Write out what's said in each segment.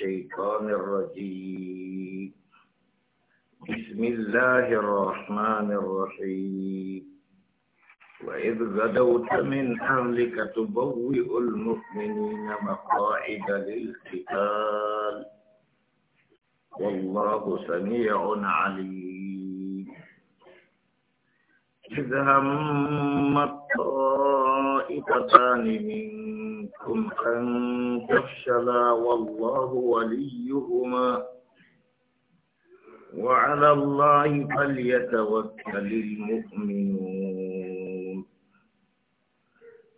الشيطان الرجيم بسم الله الرحمن الرحيم وإذ غدوت من أهلك تبوئ المؤمنين مقاعد للقتال والله سميع عليم إذ هم الطائفتان من أم أن تفشلا والله وليهما وعلى الله فليتوكل المؤمنون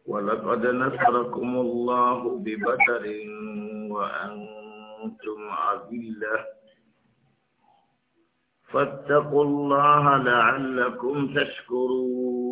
ولقد نصركم الله ببدر وأنتم عذلة فاتقوا الله لعلكم تشكرون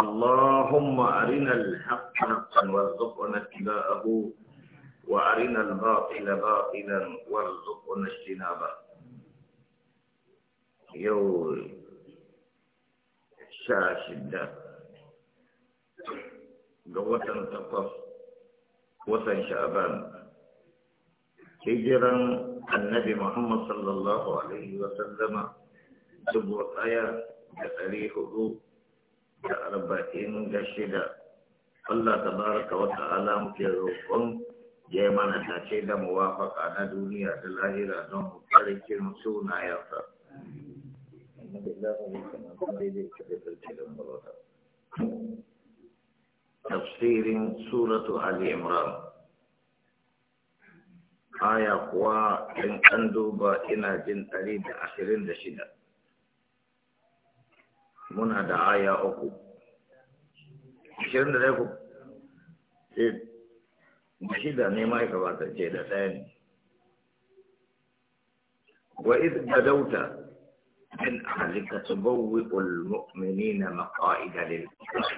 اللهم أرنا الحق حقا وارزقنا اتباعه وأرنا الباطل باطلا وارزقنا اجتنابه يو شاشدة قوة تقف وطن شعبان هجرا النبي محمد صلى الله عليه وسلم سبوة آية تاريخه da arba'in da shida Allah ta baraka wa ta'ala muke roƙon ya mana ce da muwafaka na duniya da lahira don mu kare karkin sunayensa. Tafsirin Suratu Ali Imran Aya kuwa in an duba ina jin ɗari da ashirin da shida. muna da aya uku ashirin da ɗaya ku sai eh, shida ne ma ya kamata ce da ɗaya ne wa iz gadauta من أهلك تبوئ المؤمنين مقائد للقتال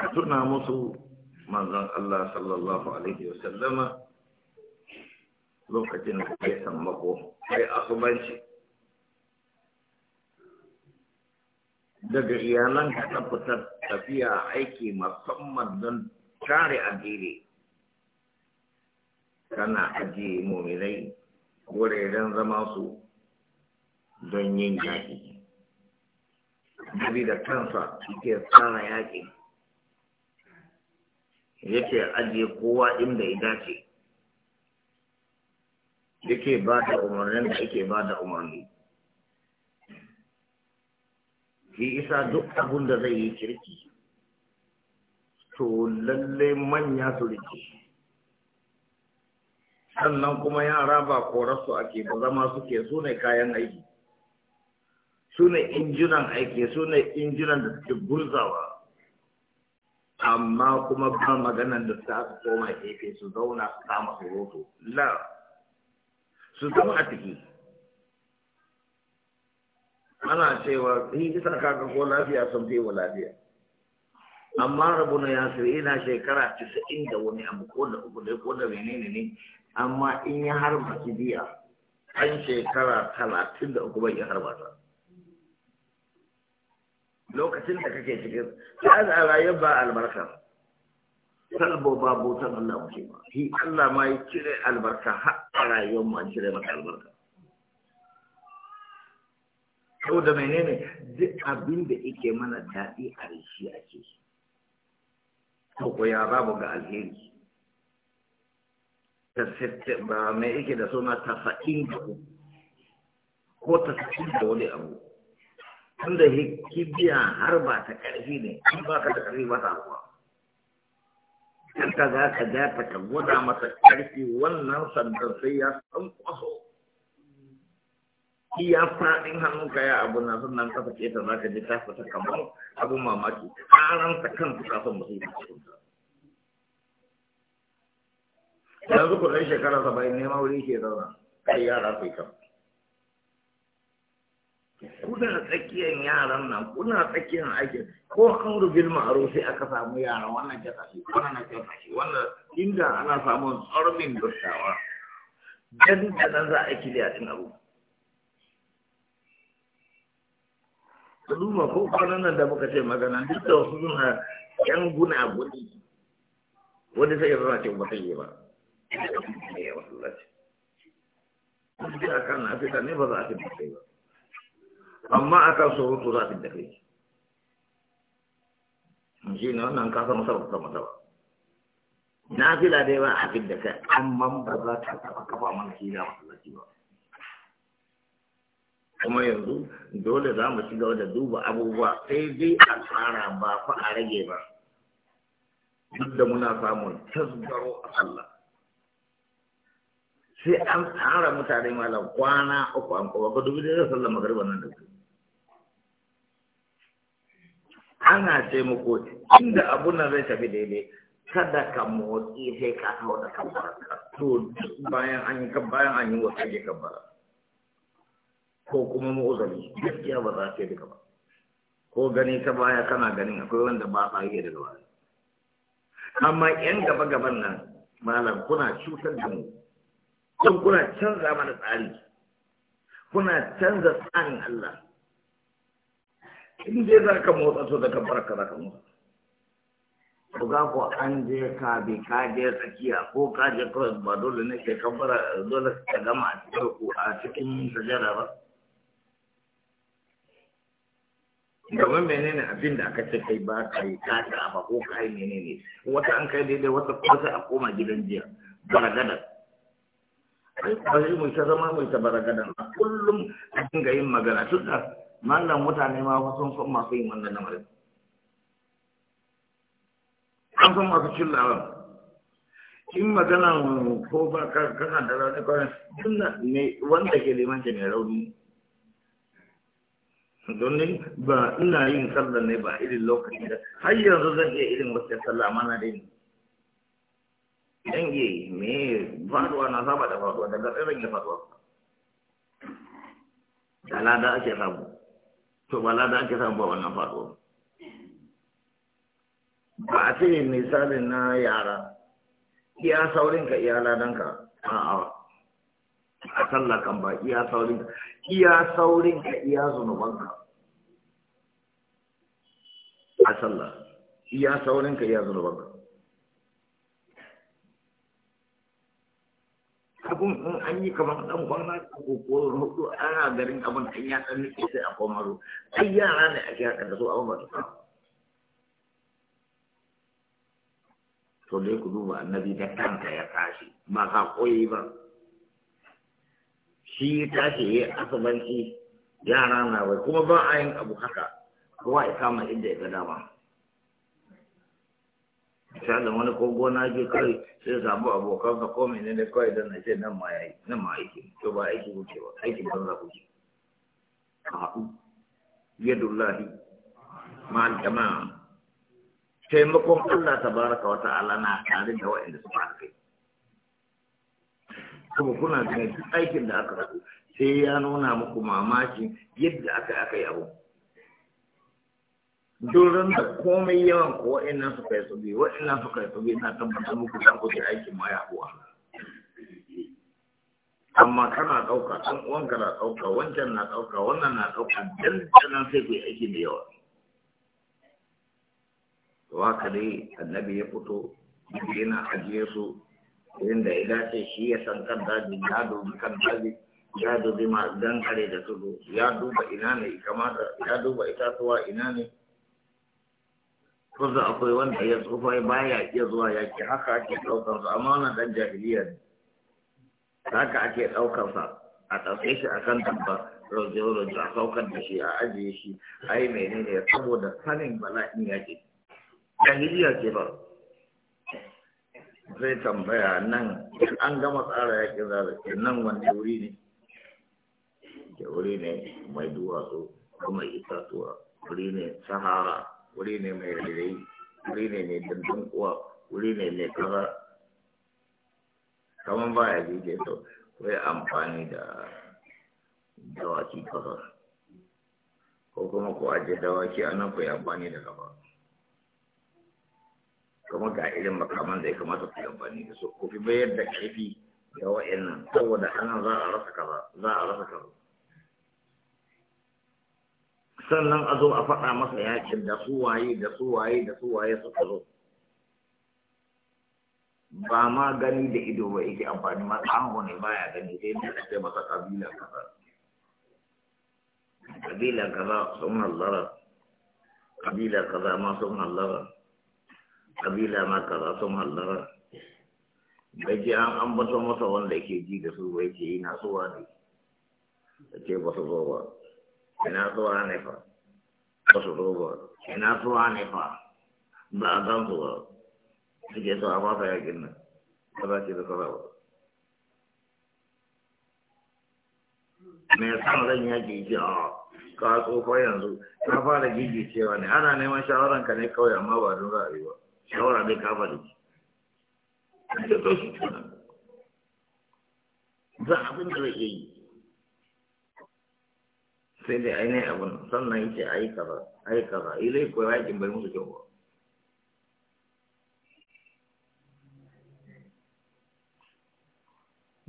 أتنا مصو من الله صلى الله عليه وسلم لوكتين كيسا مقو أي أصبانشي daga iyalan ka fitar tafiya aiki musamman don kare addini kana ajiye muminai wuraren zama su don yin yaƙi da kansa suke tsara yaƙi yake ajiye kowa inda ya dace yake ba da umarnin da yake ba da umarni Ki isa duk abun da zai yi kirki to lalle manya su rike sannan kuma yara ba korarsu ake ba zama suke su ne kayan aiki su ne injinan aiki su ne injinan da suke gurzawa amma kuma ba maganan da ta aka koma gefe su zauna su kama su roto la su zama a ciki ana cewa isa kaka ko lafiya sun fi wa lafiya amma rabuna ya su ina shekara casa'in da wani abu ko da uku dai ko da menene ne amma in ya harba kibiya an shekara talatin da uku bai ya harba lokacin da kake cikin ta da rayuwar ba albarka salbo ba bautan Allah mu ce ba shi Allah ma ya cire albarka har a rayuwar ma cire maka albarka saboda menene duk abin da yake mana daɗi a rishi ake to ko ya babu ga alheri ba mai yake da suna tasa'in da ko tasa'in da wani abu tunda kibiya har ba ta ƙarfi ne an ba ka da ƙarfi ba ta ruwa Kanta ka za ka ja ta ka gwada masa ƙarfi wannan sandan sai ya san kwaso iya faɗin ka ya abu na sannan ka sake ta za ka ji ta fita kamar abin mamaki karanta kansu kafin ba su yi cikin yi yanzu ku ɗan shekara saba'in neman wuri ke zauna kai yara su kan kuna tsakiyar yaran nan kuna tsakiyar aikin ko an rubin ma'aro sai aka samu yara wannan ke sashi wannan na ke sashi wannan inda ana samun tsormin dushawa dan da nan za a kiliya din abu duba ko kwanan nan da muka ce magana duk da wasu suna yan guna gudi wani sai yana ce ba ta yi ba ya wasu kuma a kan afirka ne ba za a fi da kai ba amma a kan surutu za a fi da kai shi ne wannan kasa masa ba ta masa ba na fila dai ba a fi da kai amma ba za ta taɓa kafa mana shi da masallaci ba kuma yanzu dole za mu ci gaba da duba abubuwa sai dai a tsara ba fa a rage ba duk da muna samun tasgaro a Allah sai an tsara mutane malam kwana uku an kowa ka dubi da sallar magariba nan da su ana ce muku inda abu nan zai tafi daidai kada ka motsi sai ka hau da kabbara to bayan an yi bayan an yi ke kabbara ko kuma mu'uzali gaskiya ba za yi duka ba ko gani ta baya kana ganin akwai wanda ba ba yi daga baya amma yan gaba gaban nan malam kuna cutar da mu kun kuna canza mana tsari kuna canza tsarin Allah in je za ka motsa to da ka barka za ka motsa ko ga ko an je ka bi ka je tsakiya ko ka je cross ba dole ne ke ka dole ka gama a cikin sajada ba domin menene abin da aka ce kai ba ka yi ka ta ba ko ka yi menene wata an kai daidai wata kwasa a koma gidan jiya baragadan ai kwari mu ta zama mu ta baragadan a kullum a dinga yin magana tun da mallam mutane ma fa sun san masu yin wannan lamarin an san masu cillawa in magana ko ba ka kana da rauni kwanan tun wanda ke limanci mai rauni don ba ina yin sallar ne ba irin lokaci da har yanzu zan iya irin wacce sallah mana da ni dan yi me faduwa na saba da faduwa daga zan ya faduwa da lada ake samu to ba lada ake samu ba wannan faduwa ba a ce misalin na yara iya saurinka iya ladanka a'a a sallar kan ba iya saurinka iya saurin ka iya zunubanka a sallah iya saurin ka iya zunubanka abun in an yi kamar dan kwana ko ko hudu ana garin abin an ya dan nake sai a koma ru ai yara ne ake haka da su abun ba to dai ku duba annabi da kanka ya tashi ba ka koyi ba shi tashi ya asubanci yara na bai kuma ba a yin abu haka kowa ya kama inda ya ga dama da wani ko gona ke kai sai samu abokan ka ko mene ne kawai don na ce nan ma yayi nan ma aiki to ba aiki kuke ba aiki ba za kuke ka haɗu yadullahi ma'al jama'a taimakon Allah tabaraka wa ta'ala na tare da wa'anda fara kai kuma kuna da duk aikin da aka rasu sai ya nuna muku mamakin yadda aka aka yi abu durin da komai yawan ko wa'annan su kai su biyu wa'annan su kai su biyu na tabbatar muku da kuke aikin ma ya kuwa amma kana ɗauka ɗan uwanka na ɗauka wancan na ɗauka wannan na ɗauka dan nan sai kuyi aiki da yawa Wa ka dai annabi ya fito yana ajiye su irin da ya dace shi ya san kan daji ya dubi kan daji ya dubi masu kare da tudu ya duba ina ne kamata ya duba itatuwa ina ne kuma akwai wanda ya tsufa baya iya zuwa yaki haka ake ɗaukar su amma wannan ɗan jahiliya ne haka ake ɗaukar sa a ɗauke shi a kan dabba rojo a saukar da shi a ajiye shi a yi menene saboda sanin bala'in yaƙi jahiliya ce ba zai tambaya nan an gama tsara yakin zazzaki nan wani wuri ne da wuri ne mai duwatsu ko mai itatuwa wuri ne sahara wuri ne mai rairayi wuri ne mai dandan kuwa wuri ne mai kaza kamar ba ya jije to wai amfani da dawaki kaza ko kuma ko aje dawaki a nan ku amfani da kafa kuma ga irin makaman da ya kamata ku amfani da su ku fi bayar da ƙarfi ga wa'annan saboda ana za a rasa kaza za a rasa kaza sannan a zo a faɗa masa yakin da su waye da su waye da su waye suka zo ba ma gani da ido ba yake amfani ma tsango ne baya gani sai da ake masa kabila kaza kabila kaza sun lara kabila kaza ma sun lara kabila ma kaza sun hallara da an ambato masa wanda ke ji da su bai ke ina zuwa ne da ke ba su zo ba ina zuwa ne fa ba su zo ba ina zuwa ne fa ba a gan su ba suke so a fasa yakin nan ba za ki da kaza ba mai san ran ya ke ji a ka tsofa yanzu na fara gigi cewa ne ana neman shawaranka ne kawai amma ba don ra'ayi ba shawara dai ka faɗi da to shi tuna za abin da zai yi sai dai ainihin abin sannan yake ayi kaza ayi kaza ilai ko yakin bai musu kyau ba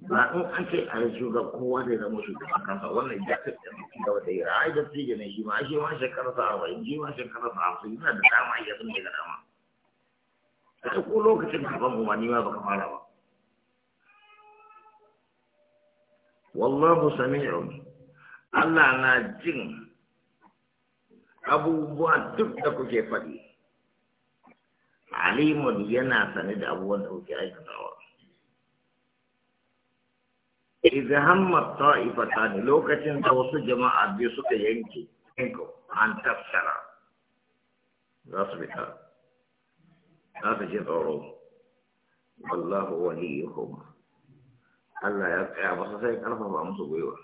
ba in an ce a yi shuga kowa zai zama shugaban kansa wannan ya fi da gaba da wata yi ra'ayi da su ne shi ma shi ma shekara sa arba'in shi ma shekara sa hamsin yana da dama ya zama daga dama sai ko lokacin kafan mu ni ma baka fara ba wallahu sami'un Allah na jin abubuwa duk da kuke faɗi alimun yana sane da abubuwan da kuke aikatawa idan ta'ifa ta ne lokacin da wasu jama'a biyu suka yanke an tafsara za su fita أرجعهم والله وليهم ألا يبقى بصفيك أنا فهو أمس بيوة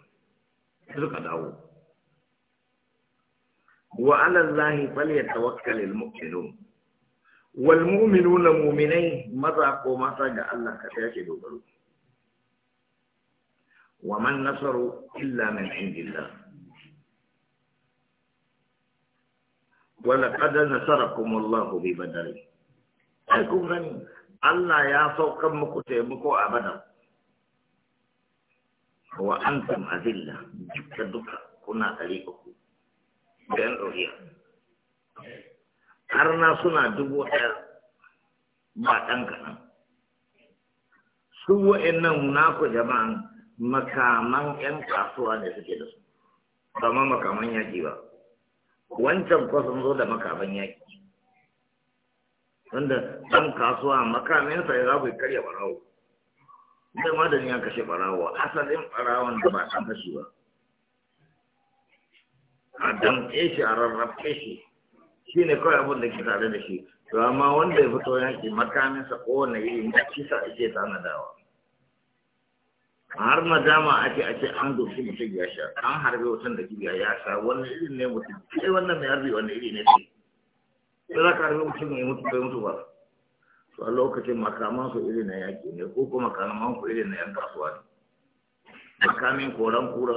كذلك دعو وعلى الله فليتوكل المؤمنون والمؤمنون مؤمنين ما ومذاق الله كتاشد بلو وما النصر إلا من عند الله ولقد نصركم الله ببدره sai kun gani Allah ya saukan muku taimako a bada wa an antum azilla duka duka kuna ɗari uku da yan ɗoriya har na suna dubu ɗaya ba ɗan kaɗan su wa'annan naku jama'an makaman 'yan kasuwa ne suke da su ba ma makaman yaƙi ba wancan kwasan zo da makaman yaƙi wanda ɗan kasuwa makaminsa ya zaɓi karya ɓarawo zai ma da ya kashe ɓarawo asalin ɓarawon da ba an kashe ba a damƙe shi a rarrafe shi shi ne kawai abin da ke tare da shi to amma wanda ya fito yanki makaminsa kowane iri na kisa ake tanadawa har ma ake ake an doki mutum ya sha an harbe wutan da kibiya ya sha wannan irin ne mutum sai wannan mai harbi wannan iri ne sai sai za ka harbi mutum ya mutu bai mutu ba su a lokacin makaman su irin na yaƙi ne ko kuma makaman ku irin na yan kasuwa ne makamin koran kura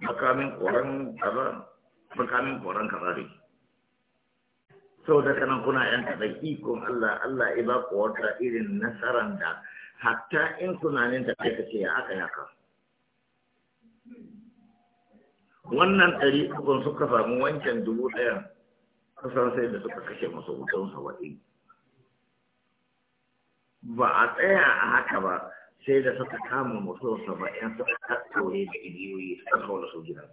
makamin koran kaza makamin koran kaza ne sau da kanan kuna yan kaɗa ikon Allah Allah ya ba ku wata irin nasaran da hatta in tunanin da kai ce ya aka yaka wannan ɗari ukun suka samu wancan dubu ɗayan kusan sai da suka kashe masu wutan saba'in ba a tsaya a haka ba sai da suka kama mutum saba'in suka tattaure da igiyoyi suka kawo su gidan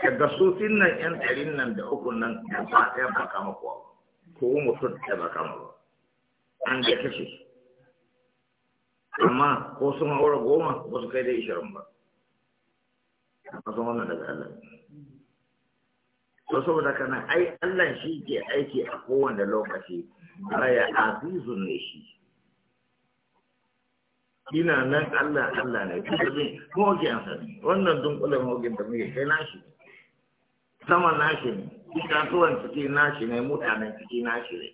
daga sufin nan yan ɗarin nan da uku nan da ba tsaya ba kama kuwa ko mutum da ba kama ba an ga kashe amma ko sun haura goma ba su kai da ishirin ba a kasan wannan daga Allah to saboda kana ai Allah shi ke aiki a kowane lokaci raya azizun ne shi ina nan Allah Allah ne kuma bin mogin an sani wannan dunkulen mogin da muke kai nashi sama nashi ne itatuwan ciki nashi ne mutanen ciki nashi ne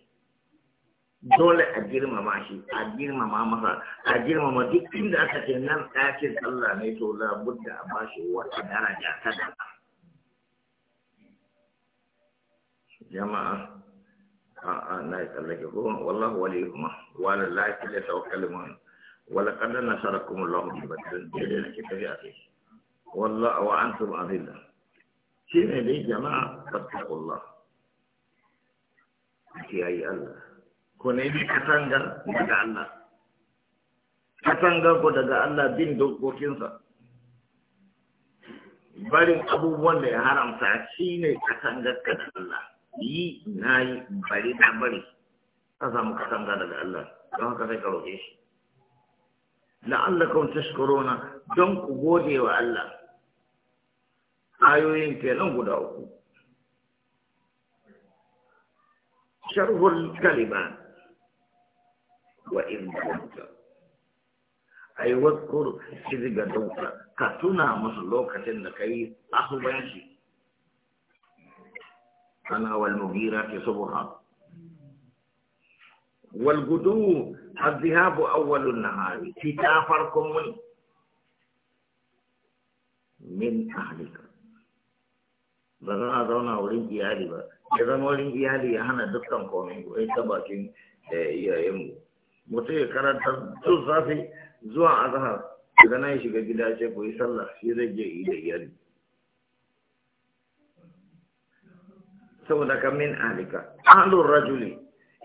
dole a girmama shi a girmama masa a girmama duk inda aka ce nan ɗakin Allah ne to labudda a bashi wata daraja ta daban jama'a a'a na yi tsallake ko wallahu wali kuma wala lafi da tawakkal mun wala qad nasarakum Allahu bi badrin dai nake tafi a kai wallahu wa antum Shi shine dai jama'a fattaqullah kiyaye Allah ko ne bi katanga daga Allah katanga ko daga Allah bin dokokinsa barin abubuwan da ya haramta shine katangar ka Allah yi na yi bari na bari ka samu katanga daga Allah don haka sai ka roƙe shi la'allakum tashkuruna don ku gode wa Allah ayoyin kenan guda uku sharhul kalima wa in kunta ai wadkur shi daga dauka ka tuna musu lokacin da kai shi أنا والمغيرة صبحا والغدو الذهاب أول النهار تتافركم من من أهلك بغنا دونا ولين إيالي با إذا ولين إيالي أنا دكتم قومي وإنت باكين إيالي mutum ya karanta tun safe zuwa azhar idan na shiga gida ce ku yi saboda ka min alika ahlur rajuli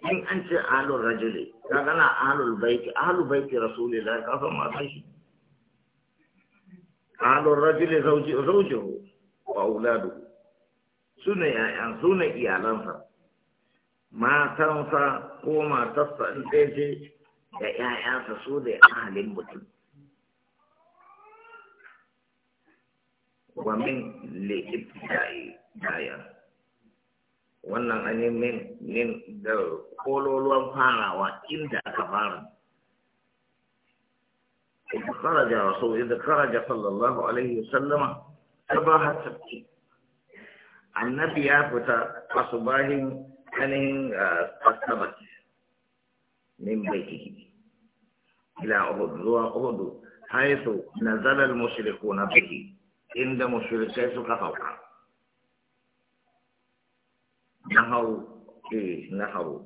in an ce ahlur rajuli ka gana ahlul baiti ahlul baiti rasulillah ka san ma sai shi ahlur rajuli zauji zaujuhu wa auladuhu sune yayan sune iyalansa matansa ko matarsa in ɗaya ce da ‘ya'yansa su da ahalin mutum. Wa min le'ibtiyayi daya. wannan ainihin min min da kololuwan farawa inda aka fara إذ خرج رسول إذ خرج صلى الله عليه وسلم صباح السبت النبي يافت أصباه أنهم السبت من بيته إلى أهد أهد حيث نزل المشركون به عند مشركي سكفوكا nahau eh nahau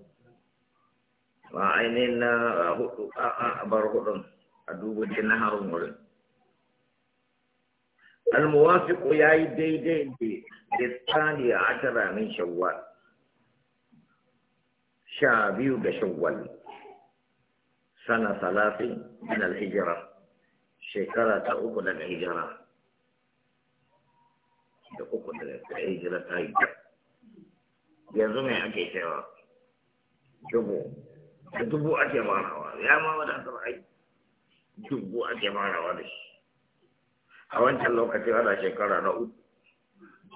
wa ah, ainihin na ah, hudu a ah, bar hudun a dubu ce na harun wurin ya yi daidai da tsani a ashara min shawwal sha biyu ga shawwal sana salafi, min alhijira shekara ta uku daga hijira da uku daga hijira ta hijira yanzu mai ake cewa dubu da dubu ake marawa ya ma wadatar ai dubu ake marawa da shi a wancan lokacin ana shekara na uku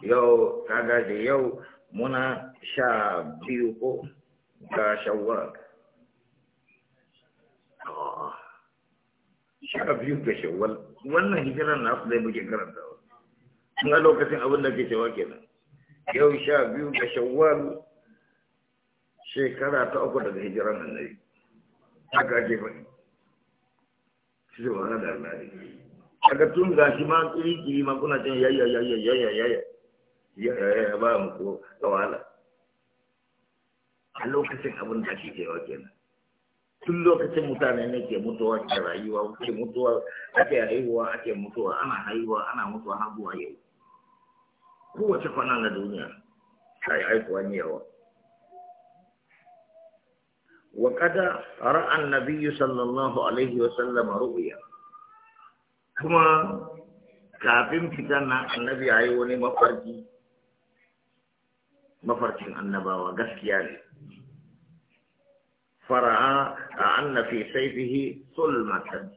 yau ta gaje yau muna sha biyu ko ga shawwal ah. sha biyu ga shawwal wannan hijirar su zai muke karanta a lokacin abin da ke cewa kenan yau sha biyu ga shawwal shekara ta uku daga hijiran annabi haka ake faɗi shi zai wahala da alari daga tun ga shi ma kiri kiri ma kuna can yayya yayya yayya yayya yayya ba mu ko ga wahala a lokacin abin da ake cewa kenan tun lokacin mutane ne ke mutuwa ke rayuwa ke mutuwa ake haihuwa ake mutuwa ana haihuwa ana mutuwa har zuwa yau kowace kwana na duniya ta yi aikowar yawa. Wa kada ra'an nabiyu sallallahu Alaihi sallama ru'uya, kuma kafin fitan na annabi ya yi wani mafarki, mafarkin annabawa gaskiya ne. Fara'a a annafi sai fihi sulmatan,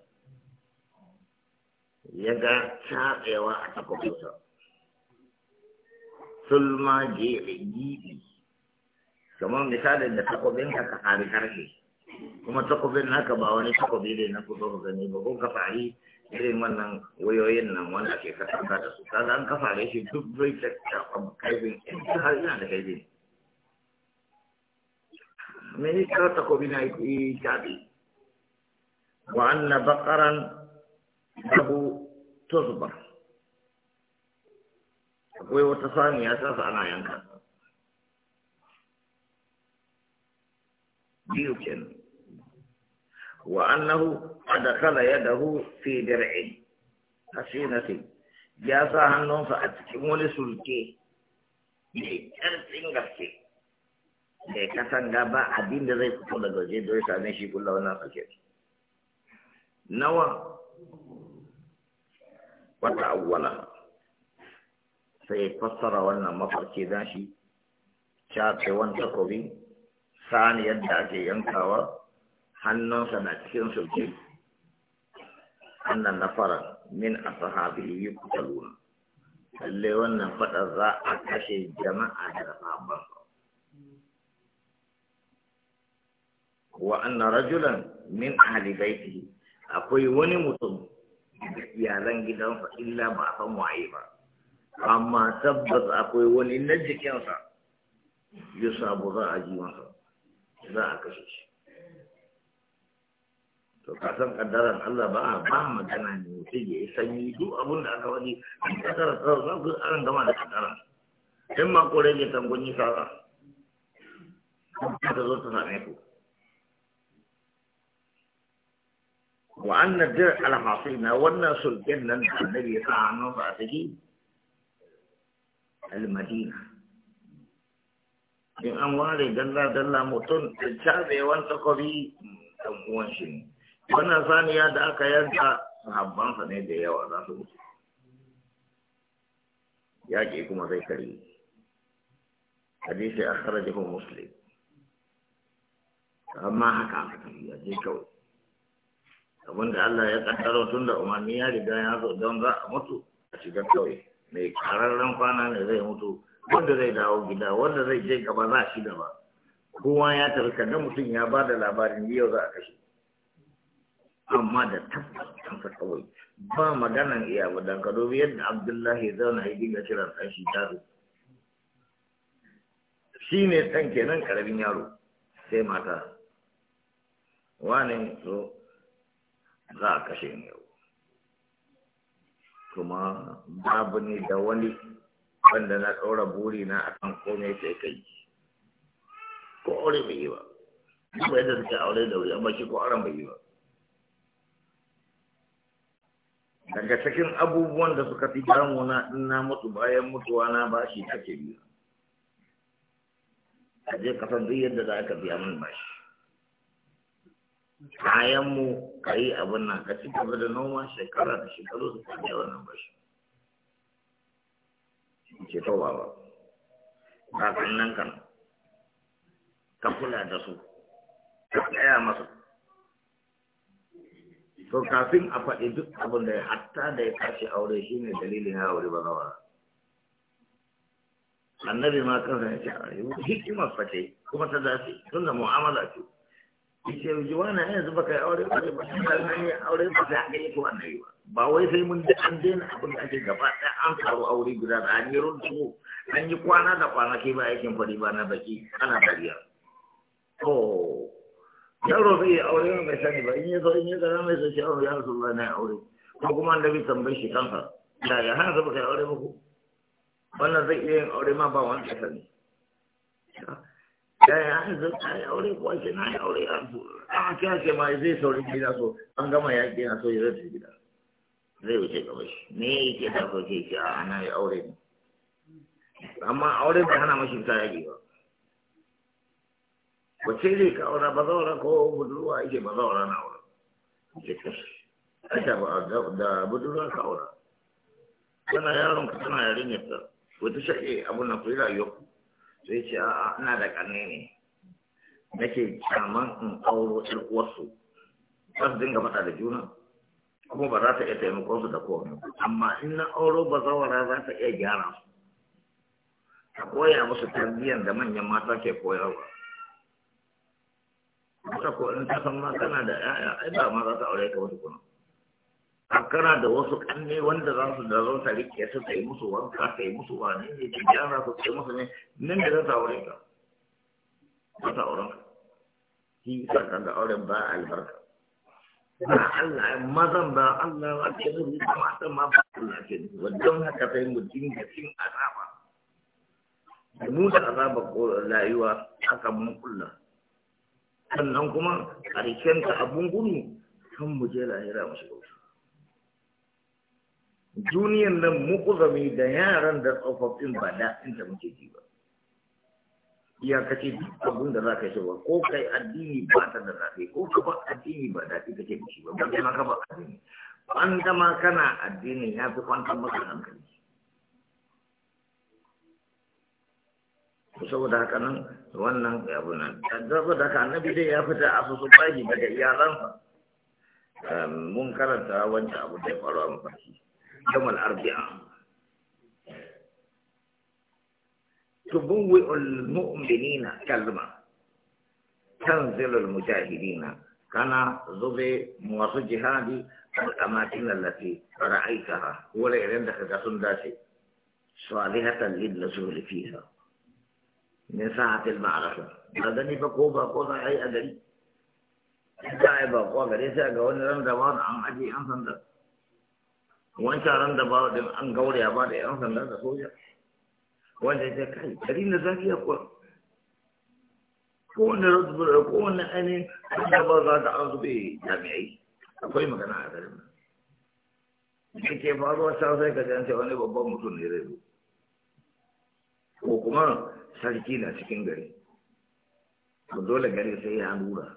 ya ga caɗewa a takwakwata. sulma gefe gibi kamar misalin da takobin ka hari karfe kuma takobin haka ba wani takobi ne na kusa ku gani ba ko ka fari irin wannan wayoyin nan wanda ke kasanta da su kaga an kafare shi duk zai tattaba kaifin in har ina da kaifi me mene ka takobi na yi tabi wa anna baqaran lahu tuzbar akwai wata sani ya sa ana yanka biyu kenan wa annahu adkhala yadahu fi dir'in hasinati ya sa hannunsa a cikin wani sulke mai ƙarfin gaske da katanga ba abin da zai fito daga waje don same shi kula wannan sulke nawa wata awwala sai fassara wannan mafarki dan shi wani takobi sani yadda ake yankawa hannunsa na cikin sulke annan fara min kuka luna kalle wannan fada za a kashe jama'a daga sahabban wa anna rajulan min ahli akwai wani mutum da iyalan gidansa illa ba a san waye ba amma tabbas akwai wani na jikinsa ya samu za a ji masa za a kashe shi to ka san kaddaran Allah ba a ba magana ne mutum ya yi sanyi duk abin da aka wani in kaddara tsaro za ku aran gama da kaddara in ma ko rage tangon sara ta zo ta same ku wa anna dir al-hasina wannan sulkin nan da annabi ya sa hannunsa a ciki al-madina in an ware dalla-dalla mutum da cabewan takobi ɗan uwan shi ne wannan saniya da aka yanka habbansa ne da yawa za su wuce yaƙi kuma zai kare hadisi a jihun muslim amma haka aka tafi a je kawai abinda Allah ya kaddaro tun da umarni ya riga ya zo don za a mutu a shigar kawai mai kararren kwana ne zai mutu wanda zai dawo gida wanda zai je gaba za shi gaba kowa ya tarka da mutum ya ba da labarin yau za a kashe amma da tabbas tabbas kawai ba maganan iya ba dan ka dubi yadda abdullahi zauna ya dinga kiran ɗan shi taro shi ne ɗan kenan karamin yaro sai mata wane so za a kashe ni yau kuma babu ne da wani wanda na ɗora buri na kan komai sai kai ko aure bai yi ba kuma yadda suke aure da wuri amma shi ko aure bai yi ba daga cikin abubuwan da suka fi damuna in na mutu bayan mutuwa na ba shi take biya a je kasan duk yadda za ka biya min ba shi Kayan mu ka yi abin nan ka ci gaba da noma shekara da shekaru su kwanci wannan bashi ce to ba ba kafin nan kan ka kula da su ka tsaya masa to kafin a faɗi duk abin da ya hatta da ya kashe aure shine dalilin ya aure ba zawa annabi ma kansa ya ce a yi hikimar fa kuma ta zafi tun da mu'amala ce ce juwa na yanzu baka yi aure ba ne ba sai na yi aure ba sai aka yi ko wannan yi ba ba wai sai mun da an daina abin da ake gaba ɗaya an karo aure guda da an yi runtu an yi kwana da kwanaki ba aikin fari ba na baki ana dariya to yaro zai yi aure mai sani ba in ya zo in ya gara mai sai aure oh, ya rasu ba na aure ko kuma annabi tambayi shi kansa da ya hana baka yi aure ba ko wannan zai iya yin aure ma ba wani sani Eh, ya yi hanzu a yi aure ah, a shi a yi aure a a ka a zai a gida a an a yaƙi na so ya zai gida zai a gaba a me a da a shi a a yi aure ne amma aure bai hana mashi fita yaƙi ba wace zai ka aura ba zaura ko budurwa yake ba zaura na aura ke kashi aisha ba da budurwa ka aura kana yaron ka tana yarinyar ta wata shaƙe abun na kuri rayuwa sai ce a ina da ƙarni ne ke kyaman in auro ɗan wasu za su dinga faɗa da juna kuma ba za ta iya taimakon su da kowane amma in na auro ba zawara za ta iya gyara su ta koya musu tarbiyyar da manyan mata ke koyarwa ko in ta san ma kana da 'ya'ya ai ba ma za ta aure ka wasu kuna. kana da wasu kanne wanda za su da zauta rike su ta yi musu wanka ta yi musu wani ne ta gyara su ta musu ne nan da za ta aure ka za ta auren ka shi ka da auren ba albarka ba Allah mazan ba Allah ba ke nufi ba matan ma ba su ke nufi ba don haka sai mu dinga cin azaba da mu da azaba ko layuwa haka mun kulla sannan kuma a rikenta abun gudu kan mu je lahira mu ba. duniyan nan mu'uzami da yaran da tsofaffin ba daɗin da muke ji ba iyakace duk abin da za ka yi ba ko kai addini ba ta da zafi ko kuma addini ba daɗi kake da shi ba ba kai maka ba addini an zama kana addini ya fi kwantar maka hankali saboda haka nan wannan abu nan saboda haka annabi dai ya fita a su bagi daga iyalansa mun karanta wancan abu da ya faru a mafarki يوم الأربعاء تبوئ المؤمنين كلمة تنزل المجاهدين كان زوبي مواصل جهادي الأماكن التي رأيتها ولا يرندك كسن داشي صالحة للنزول فيها من ساعة المعركة هذا نبقوا بقوة أي أدري دائما بقوة غريسة قولنا لم دوار عن أجي أنصندر wancan ran da ba din an gauraya ba da yan sanda da soja wanda ya kai gari da zafiya ko kowane da, kowane ainihin da ba za ta an zube jami'ai akwai magana a garin nan ne ke faruwa sa sai ka jance wani babban mutum ne zai zo ko kuma sarki na cikin gari dole gari sai ya nura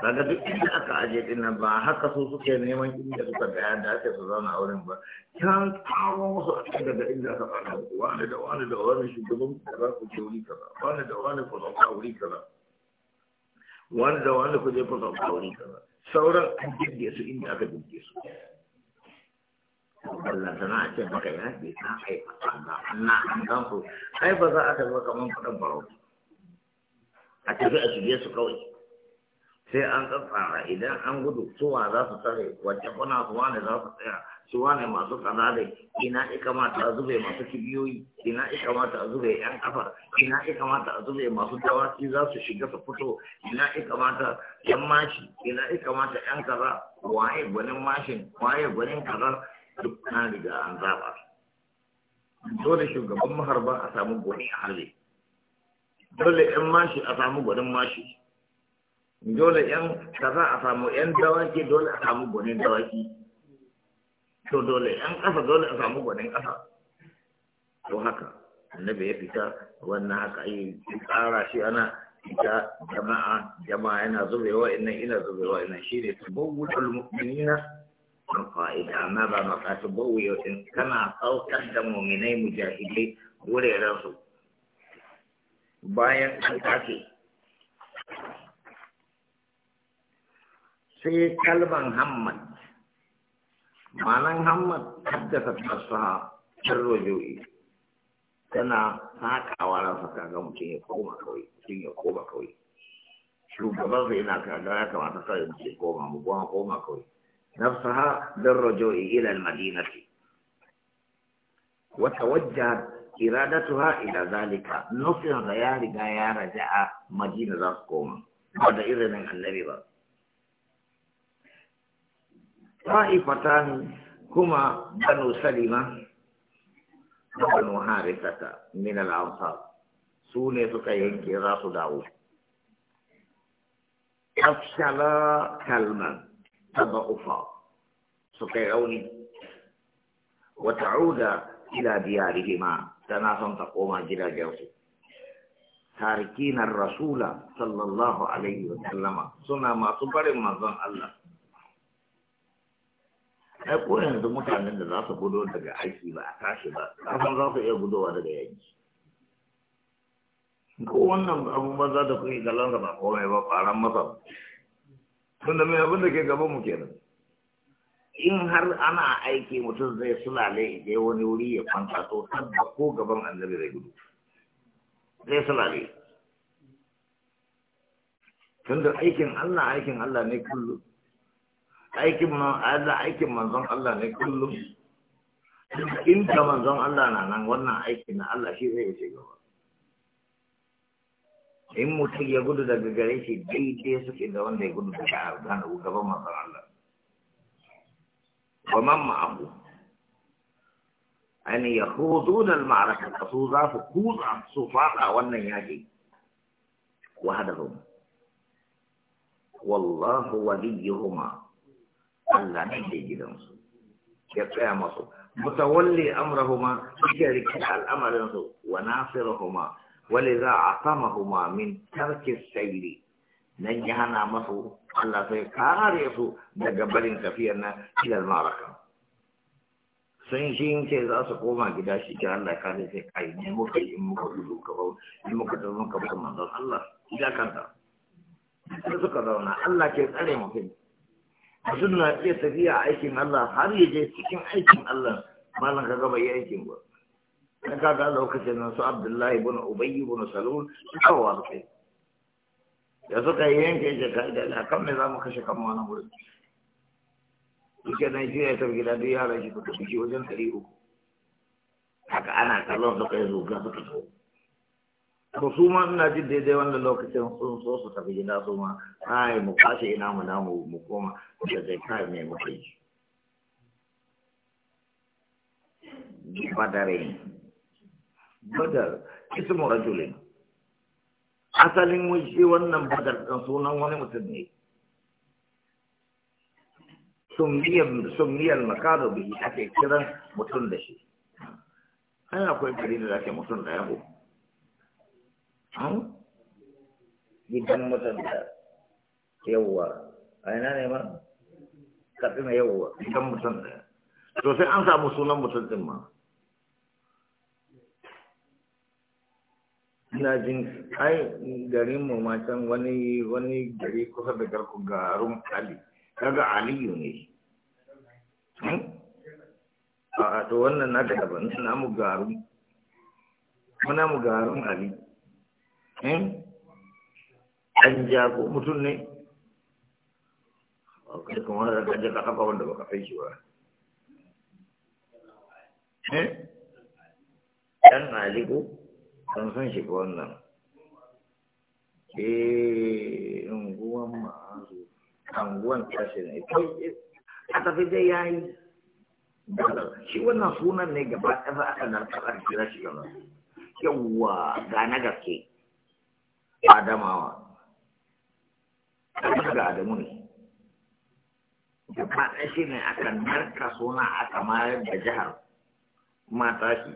kaga duk inda aka aje din ba haka su suke neman inda suka da da ake su zauna a wurin ba can kawo musu a cikin daga inda aka fara wani da wani da wani shugaban kaza ku je wuri kaza wani da wani ku zauka wuri kaza wani da wani ku je ku zauka wuri kaza sauran an jirge su inda aka jirge su Allah sana a ce maka ya ce ta aika ga na an gan ku ai ba za a tabbata kaman faɗan farauta a tafi a shige su kawai sai an tsatsara idan an gudu suwa za su tsare wacce kuna suwa ne za su tsaya suwa ne masu kaza da ina ya kamata a zube masu kibiyoyi ina ya kamata a zube yan kafa ina ya kamata a zube masu dawaki za su shiga su fito ina ya kamata yan mashi ina ya kamata yan kaza waye gwanin mashin waye gwanin kaza duk na riga an zaba dole shugaban maharba a samu gwani a harbe dole yan mashi a samu gwanin mashi dole yan kaza a samu yan dawaki dole a samu gwanin dawaki to dole yan ƙasa dole a samu gwanin ƙasa to haka annabi ya fita wannan haka yi tsara shi ana fita jama'a jama'a yana zubewa innan ina zubewa innan shi ne tabawwul mu'minina kan fa'ida amma ba makasu yau din kana saukar da mu'minai mujahidai wuraren su bayan an tashi sai kalman hammad malan hammad haddasa fasaha har rojo'i tana sakawa ransa kaga mutum ya koma kawai mutum ya koma kawai shugaban sai yana kaga ya kamata kawai mutum ya koma mu koma koma kawai nafsaha don rojoyi ila وتوجهت إرادتها إلى ذلك نصر غيار غيار جاء مدينة رسكوم هذا إذن النبي بقى Taifatan kuma Banu Salima da Banu Harisata min al su ne suka yanke za su dawo. Afshala kalman taba ufa suka yi rauni wata ruda ila diyarihima tana son ta koma gidajensu. Tarikinar Rasula sallallahu Alaihi wa sallama suna masu barin manzon Allah. ai ko yanzu mutanen da za su gudo daga aiki ba a tashi ba kafin za su iya gudowa daga yanki ko wannan abubuwan za ta kuyi galansa ba komai ba faran masa tun da mai abin da ke gaban mu kenan in har ana aiki mutum zai sulale idan wani wuri ya kwanta to tabba ko gaban annabi zai gudu zai sulale tun da aikin Allah aikin Allah ne kullum aikin ma Allah aikin manzon Allah ne kullum in ka manzon Allah na nan wannan aikin na Allah shi zai ce gaba in mutum ya gudu daga gare shi daidai suke da wanda ya gudu daga gane gaban manzon Allah wa man ma'ahu an yakhudun al-ma'raka su za su kuza su fada wannan yaki wa hadahum wallahu waliyuhuma Allah ne ke gidansu, ya tsaya masu. Mata walle amurahuma, suke rike al’amarinsu, wa nasiruhuma, walle za a sama huma min tarkis sairi, nan ya hana masu, Allah sai kare su daga barin tafiyar nan ilal maraka. Sun shi yin za su koma gida shi kira Allah sai kai ne muka yi muka dudu ka bau, yi muka tafi muka bau Allah, ya kanta. Sai suka zauna, Allah ke tsare mutum, mutum na iya tafiya a aikin Allah har ya je cikin aikin Allah malam ka gaba yi aikin ba na kaga lokacin nan su abdullahi bin ubayyi bin salul kawo kai Ya suka yi yanke ya kai da kan me za mu kashe kan wani wurin suke nan shi ya tafi gida duk yaran shi tafi shi wajen ɗari uku haka ana kallon suka yi zuga suka zo to su ma ina jin daidai wannan lokacin sun so su tafi gida su ma ai mu kashe ina mu namu mu koma da zai kai mai mu kai badare badar ismu rajulin asalin shi wannan badar dan sunan wani mutum ne summiyar makaro bihi ake kiran mutum da shi ana akwai gari da ake mutum da yabo an gidan mutunta yawwa a yana ne ma katsina yawwa gidan mutunta to sai an samu sunan mutuntun ma ina jin ai garin mu ma can wani wani gari kusa da garku garin ali kaga aliyu ne hmm? a to wannan na da daban na mu garin mu mu garin ali Hmm? an ja ko mutum ne kai kuma da kaje ka haka wanda baka kai shi ba eh dan aliku san san shi ko wannan eh unguwan ma'azu unguwan tashi ne kai a tafi dai yayi shi wannan sunan ne gaba ɗaya aka narkar a kira shi gaba yawwa ga gaske adamawa daga adamu ne gaba shi ne aka narka suna aka mayar da jihar mata shi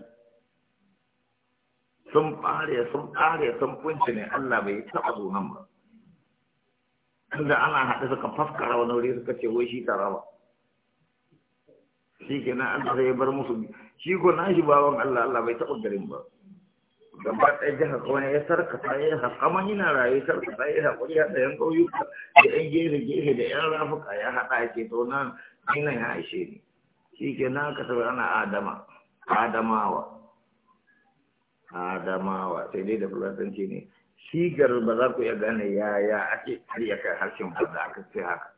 sun fare sun fare sun ne Allah bai taɓa sunan ba tunda ana haɗe suka faskara wani wuri suka ce wai shi taraba shi kenan Allah sai ya bar musu shi ko na shi bawan Allah Allah bai taɓa garin ba gaba ɗaya jihar wani ya sarkata ya haƙa mahina rayu sarkata ya haƙuri ya ɗayan ƙauyuka da ɗan gefe-gefe da ‘yan rafuka ya haɗa ke to nan ina ya ishe ni shi ke na ka saboda ana adama adamawa adamawa sai dai da fulatanci ne shigar ba za ku iya gane yaya ake karya kai harshen wanda aka ce haka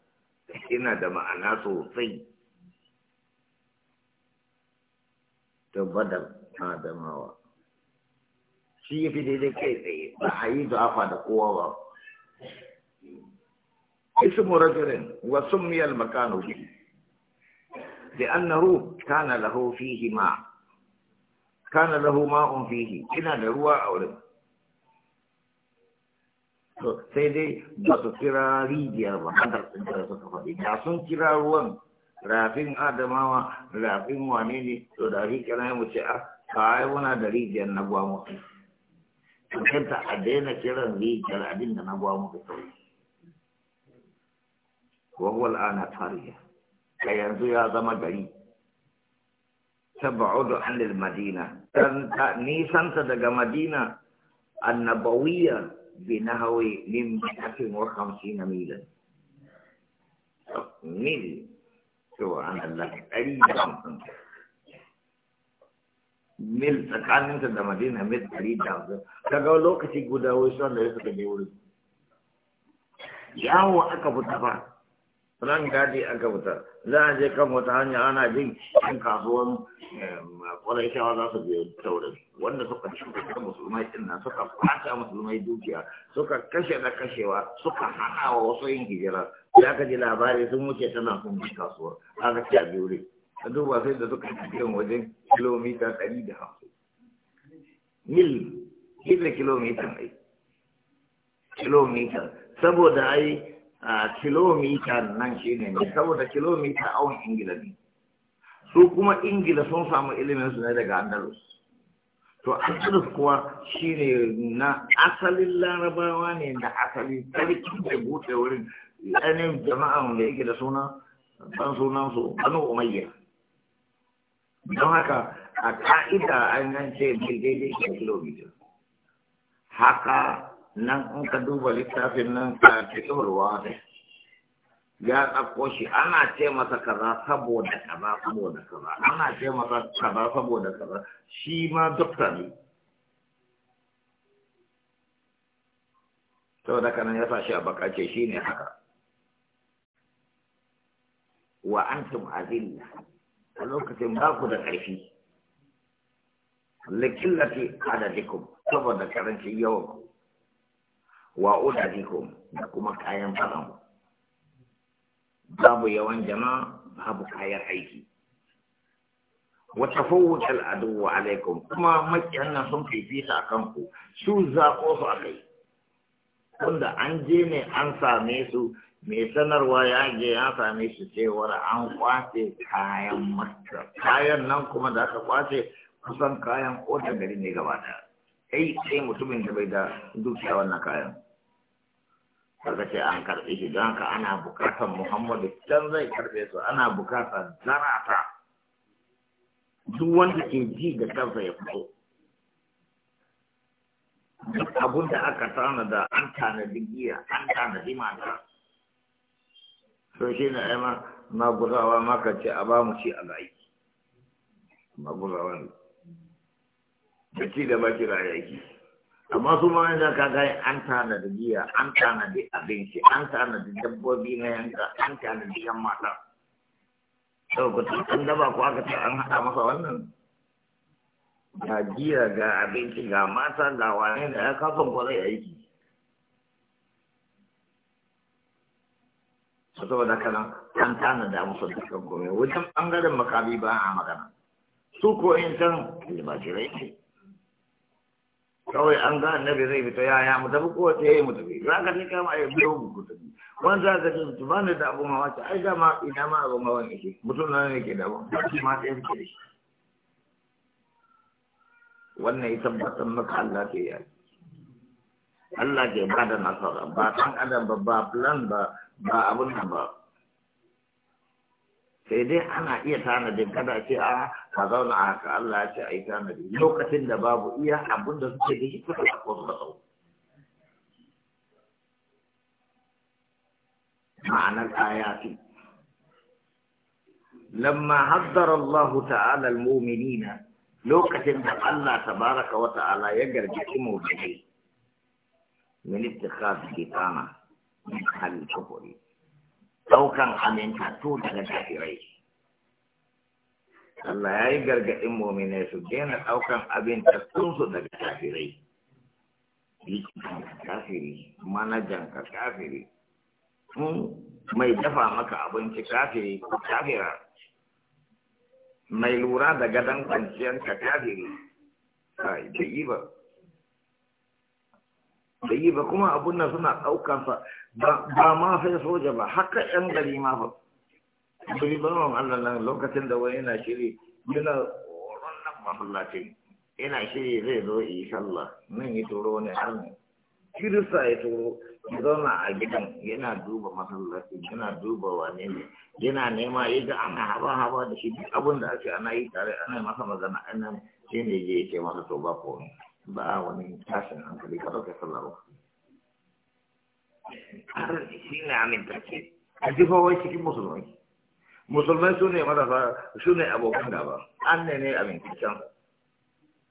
ina da ma'ana sosai to badal adamawa shi ya fi daidai kai tsaye ba a yi afa da kowa ba اسم رجل وسمي المكان به لأنه كان له فيه ماء كان له ina da ruwa a wurin. sai dai ba su kira rijiyar ba hadar tsintar suka faɗi da sun kira ruwan rafin adamawa rafin wane ne to da shi kira mu ce a ah, ka kawai muna da rijiyar na gwamusu انت حدينا كده دي كلاعبين انا ابو عمر وهو الان فاريا فينزو يا ذا مجري تبعد عن المدينة نيسا تدق مدينة النبوية بنحو من 150 ميلا ميل سواء عن الله أي mil tsakaninta da madina mil ɗari da hamsin kaga lokaci guda wai shi wanda ya suka ne wurin yawo aka fita ba ran gadi aka fita za a je kan wata hanya ana jin yan kasuwan kwarai shawa za su biyo taurin wanda suka shuka musulmai din nan suka fata musulmai dukiya suka kashe da kashewa suka hana wa wasu yin hijira ya ka ji labari sun wuce tana sun bi kasuwar aka ce a duba sai da suka tafiyan wajen kilomita ɗari da hamsin mil kila kilomita ai kilomita saboda ai a kilomita nan shi ne saboda kilomita awon ingila ne su kuma ingila sun samu ilimin su ne daga andalus to andalus kuwa shi ne na asalin larabawa ne da asali sarki da bude wurin ɗanin jama'a da yake da suna ban su banu umayya don haka a ka'ida an nan ce daidai da kilomita haka nan in ka duba littafin nan ka fitowarwa ya tsakko shi ana ce masa kaza saboda kaza saboda kaza ana ce masa kaza saboda kaza shi ma dokta ne da kanan ya sa shi a bakace shi ne haka wa antum azilla a lokacin ba ku da ƙarfi likillati adadikum saboda karancin yawan wa udadikum da kuma kayan faɗan babu yawan jama'a babu kayan aiki wata fawwut al'adu wa alaikum kuma makiyan nan sun fifita a kanku su zaƙo su a kai an je ne an same su mai sanarwa ya je ya same shi cewar an kwace kayan makka kayan nan kuma da aka kwace kusan kayan kota gari ne gaba ɗaya ai sai mutumin da bai da dukiya wannan kayan kaga ce an karbe shi don haka ana bukatar muhammadu can zai karbe su ana bukatar zarata duk wanda ke ji da kansa ya fito duk abun da aka da an tanadi giya an tanadi mata to shi na ma maguzawa maka ce a ba mu ci a ma maguzawa ne da ci da baki da yaki amma su ma yanzu ka gani an tana da giya an tana da abinci an tana da dabbobi na yanka an tana da yan mata sau ku an daba ko aka ce an haɗa masa wannan ga giya ga abinci ga mata ga wane da ya kasan kwarai aiki saboda kana an tana da musu dukkan kome wajen bangaren makabi ba a magana su ko in san limajirai ne kawai an ga annabi zai fita ya ya mutabi ko ta yi mutabi za ka ne kama ya biyo mu ku tafi wani za ka ce mutu ba da abu hawa ce ai dama ina ma abu hawa ne ke mutum na ne ke da ba ba ma ta yanke da shi wannan ya tabbatar maka Allah ke yi Allah ke ba da nasara ba san adam ba ba plan ba ba abun nan ba sai dai ana iya tanadin kada ce a ka zauna a haka Allah ya ce a yi tanadi lokacin da babu iya abun da suke da shi suka sako suka sau ma'anar ayati lamma haddara Allah ta'ala al-mu'minina lokacin da Allah tabaraka wa ta'ala ya gargaɗi mu'minai min ittikhadhi kitana min ahli kufuri daukan amintattu daga kafirai Allah ya yi gargaɗin mominai su daina ɗaukan abin tattunsu daga kafirai. Likitan ka kafiri, manajan ka kafiri, mai dafa maka abinci kafiri ko kafira, mai lura da gadon kwanciyar ka kafiri, bai yi ba. Bai yi ba kuma abun nan suna ɗaukansa ba ma sai soja ba haka yan gari ma ba bai mun Allah nan lokacin da wani yana shiri yana horon nan masallacin yana shiri zai zo yi sallah nan yi turo ne har ne ya turo zauna a gidan yana duba masallaci yana duba wane ne yana nema ya ga ana haba haba da shi duk abin da ake ana yi tare ana masa magana ana shi ne ya ce masa to ba ko ba wani tashin hankali ka ɗauke sallar ba arziki shi ne amintacce a jifawai cikin musulmai musulmai su ne marasa su ne abokan gaba an ne ne amintaccen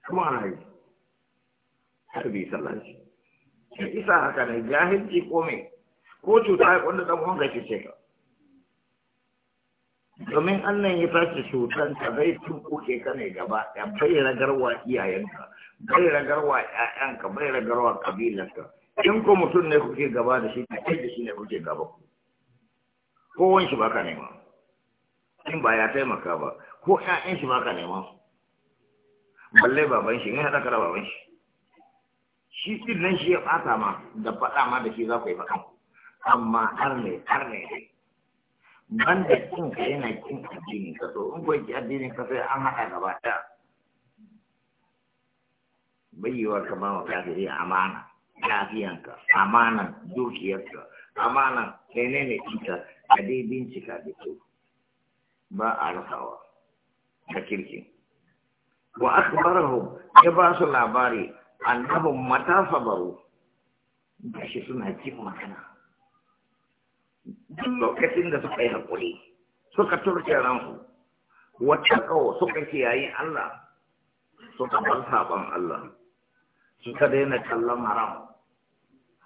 kuma ana yi harbi sallaci isa haka ne jahilci ko me ko cuta ya kwanda ɗan wanda ce ce ka domin an annan ya tashi cutan ka zai tukuke ka ne gaba ya bai ragarwa iyayenka bai ragarwa ƴaƴanka bai ragarwa kabilarka in ko mutum ne kuke gaba da shi kai da shi ne kuke gaba ku ko wani shi baka nema in ba ya taimaka ba ko ƴaƴan shi baka nema balle baban shi ne haɗa kara baban shi shi din nan shi ya ɓata ma da faɗa ma da shi za ku yi faɗa amma har ne har ne banda kin ka yana kin addini ka so in ko ki addini ka sai an haɗa gaba ɗaya bayyewar ka ba mu kafiri amana lafiyanka amanan dukiyarka amanan menene ita a dai bincika da su ba a rasawa da kirki wa akbarahum ya ba su labari matasa baro da shi suna cin magana duk lokacin da suka yi haƙuri suka turke ransu wata kawo suka kiyaye Allah suka bar saban Allah suka daina kallon haram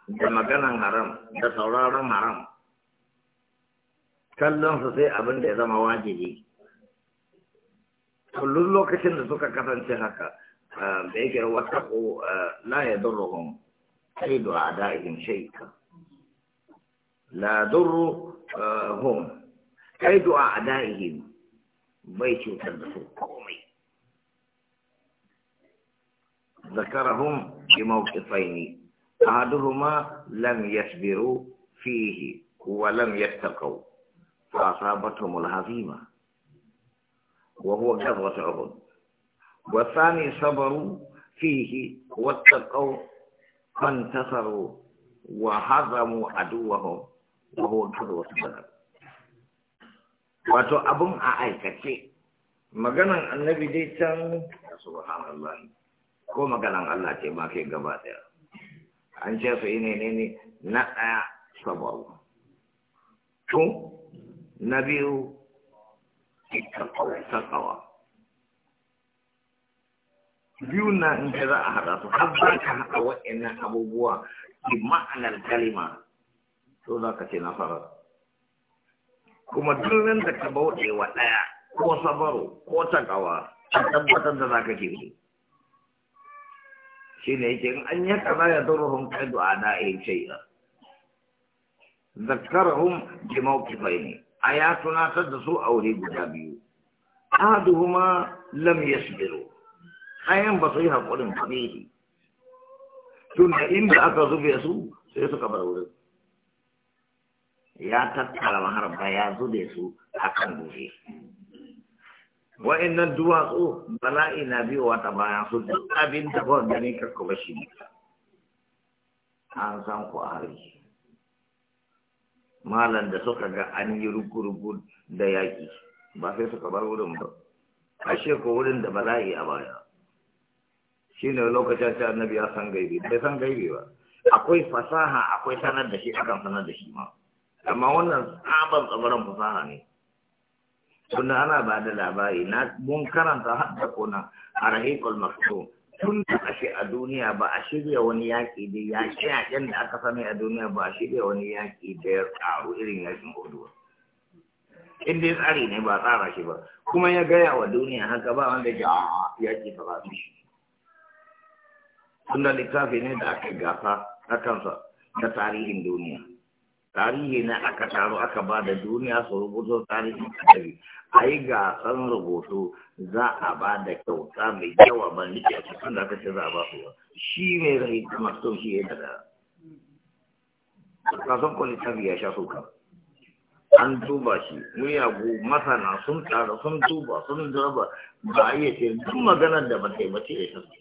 da maganan haram da sauraron haram kallon su sai abin da ya zama wajibi kullum lokacin da suka kasance haka eh, da yake wata ko eh, la ya durruhum sai da ada'ihim shayka la durruhum eh, kai a ada'ihim bai cutar da su komai zakarahum bi mawqifaini أحدهما لم يصبروا فيه ولم يتقوا فأصابتهم الهزيمة وهو غزوة أحد والثاني صبروا فيه واتقوا فانتصروا وهزموا عدوهم وهو غزوة بدر wato abun a aikace maganan annabi dai can subhanallah ko maganan Allah ce ma kai gaba daya an ce su ne ne na ɗaya sabaru tun na biyu ikakawa. biyu na in ka za a haɗa su har za ka haɗa waɗannan abubuwa ki ma'anar kalima to za ka ce nasara kuma duk nan da ka bauɗe wa ɗaya ko sabaru, ko takawa a tabbatar da za ka ke shi ne yake an yi kaza ya du'a kaidu a a da'in ki zakkarahum ne a ya tunatar da su a wuri guda biyu ahaduhuma lam yasbiru ayan ba su yi haƙurin kabiri tun da inda aka zube su sai suka bar wurin ya tattara maharba ya zube su akan dutse wa'annan duwatsu bala'i na biyu wata bayan su duk abin da ba da ne ba shi ne an san ku a hari malan da suka ga an yi rugu-rugu da yaƙi ba sai suka bar wurin ba ashe ko wurin da bala'i a baya shi ne lokacin ta annabi ya san gaibi bai san gaibi ba akwai fasaha akwai sanar da shi akan sanar da shi ma amma wannan tsaban tsabaran fasaha ne tunda ana ba da labari na mun karanta hadda kuna a rahikul maktu tun da ashe a duniya ba a shirya wani yaƙi da yaƙi yaƙin da aka sani a duniya ba a shirya wani yaƙi da ya tsaro irin yaƙin oduwa in dai tsari ne ba tsara shi ba kuma ya gaya wa duniya haka ba wanda ya yaƙi ta ba shi tunda littafi ne da aka gafa a kansa na tarihin duniya tarihi na aka taro aka ba da duniya su rubuto tarihin kadari a yi gasan rubutu za a ba da kyauta mai yawa ban rike a cikin da aka ce za a ba su ba shi ne rai kuma so shi ya daga kasan kwalitar ya sha suka an duba shi muyagu masana sun tsara sun duba sun duba ba a iya ce duk maganar da ba ta yi ba ya sassu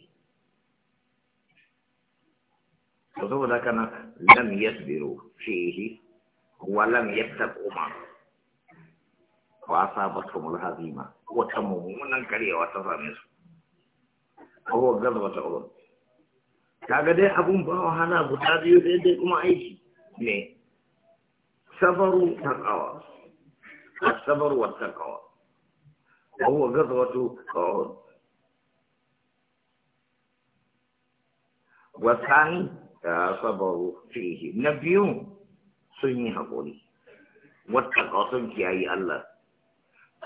to saboda kana lam yasbiru fihi walam yattaquma wa asabatkum alhazima wata mummunan karyawa ta same su ko gaza wata urun kaga dai abun ba wahala guda biyu daidai kuma aiki ne sabaru taqwa sabaru sabr wa taqwa wa huwa wata urun Wasan, thani sabaru fihi nabiyun sun yi haƙuri wata ƙasun kiyayi Allah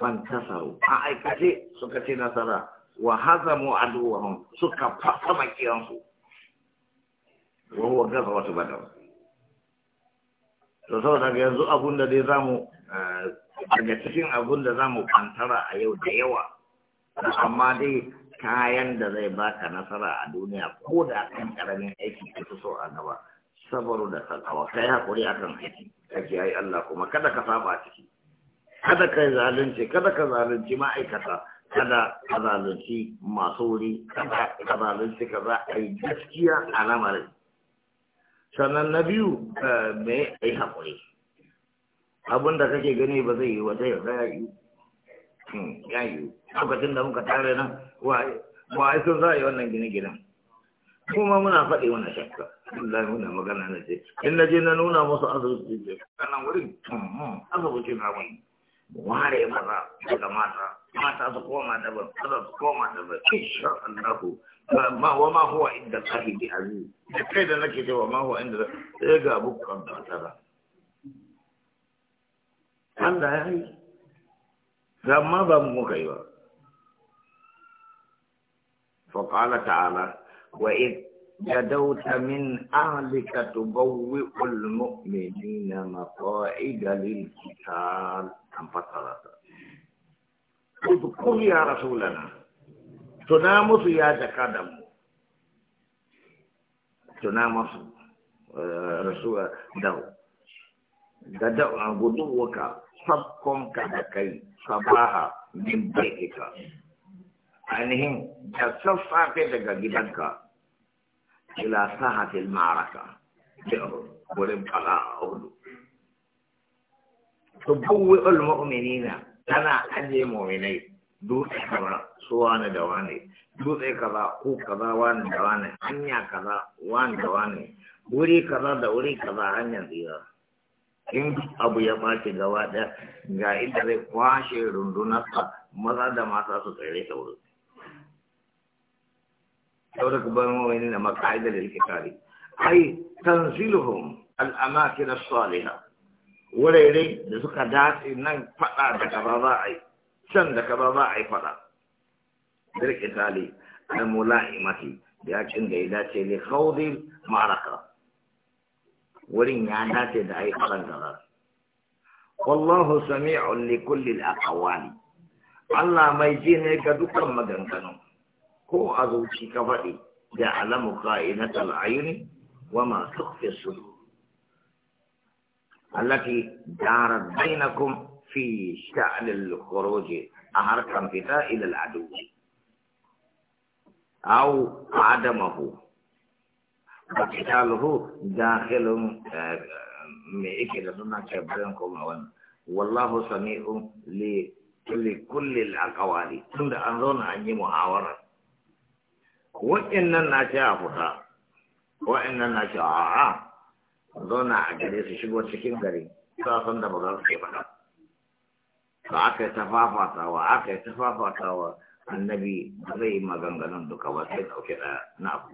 Ban kasaru a aikace suka ce nasara wa hazamu aduwahum suka fasa makiyansu wa gaza wata badar to saboda ga yanzu abun da dai zamu eh, daga cikin abun da zamu kantara a yau da yawa amma dai kayan da zai baka nasara a duniya ko da kan karamin aiki ka so a gaba sabaru da salawa kai hakuri akan aiki kaje ai Allah kuma kada ka saba ciki kada ka zalunci kada ka zalunci ma'aikata kada ka zalunci masu wuri kada ka zalunci ka za a yi gaskiya a lamarin sannan na biyu eh, me ai hakuri abin da kake gani ba zai yi wa yau ya yi hmm, ya yi lokacin da muka tare nan wa ai sun za a yi wannan gine-ginen kuma muna faɗi wani shakka Allah muna magana na ce in na je na nuna musu asibiti ce kanan wurin hmm, hmm, asibiti na wani ware maza daga mata mata su koma daban maza su koma daban insha Allah ma wa ma huwa inda Allah bi aziz da kai da nake cewa ma huwa inda sai ga bukkan fatara Allah ya yi ma ba mu kai ba فقال تعالى وإذ جدوت من أهلك تبوئ المؤمنين مقاعد للقتال أم فصلت اذكر يا رسولنا تنامس يا جكادم تنام آه، رسول دو جدو غدوك صبكم كدكي صباحا من بيتك أنهم da sassafe daga ila sahatil ma'araka wurin fada a hudu tubbuwi ulmu'minina tana ajiye mu'minai dutse kaza su wani da wani kaza ko kaza wani da wani kaza wani da wuri kaza da wuri kaza hanyar tsira in abu ya ɓaci gaba ɗaya ga inda zai kwashe rundunarsa maza da mata su tsere ta wurin دورك برموين مقاعد للقتال أي تنزلهم الأماكن الصالحة وليلي لسكا داتي نن فتا دكا بضاعي سن دكا بضاعي فتا بالقتال الملائمة لكن ديداتي لخوض المعركة ولين يعناتي دعي فتا كذا والله سميع لكل الأقوال Allah mai ji ne ga dukkan maganganu هو أذوشي كفائي يعلم قائنة العين وما تخفي الصدور التي دارت بينكم في شأن الخروج أهرقا فتا إلى العدو أو عدمه وقتاله داخل مئكدتنا كبيرنكم وان والله سميع لكل الأقوال تند أنظن أني محاورت وإن نجاحها وإن نجاحها دون عجلس شبوة سكين غري تواصل دبغا الخيبان فعاك تفافا تاوى عاك تفافا تاوى النبي غري ما غنغنن دوكا وصيد أو كذا نافذ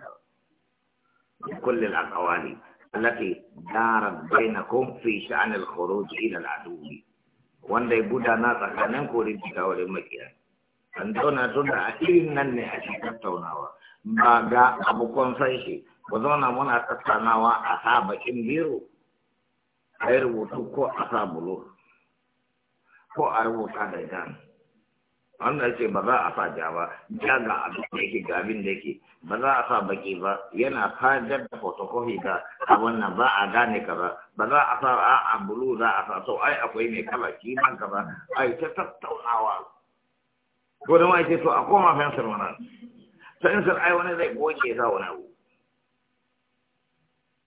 كل الأقوال التي دارت بينكم في شأن الخروج إلى العدو وأن يبدا ناطا كان ينكو لبكا ولمكيا أن دون أدونا أكيد أنني أشيكت تونا ba ga abu kun san shi ku zauna muna tattaunawa a sa bakin biro a yi rubutu ko a sa bulo ko a rubuta da jan wanda ce ba za a sa ja ba ja ga abin da yake ga abin da yake ba za a sa baki ba yana fajar da fotokofi ga a wannan ba a gane kaza ba za a sa a a bulu za a sa so ai akwai mai kala kiman kaza ai ta tattaunawa ko da ma ce so a koma fensir mana sensor ai wani zai goge za wani abu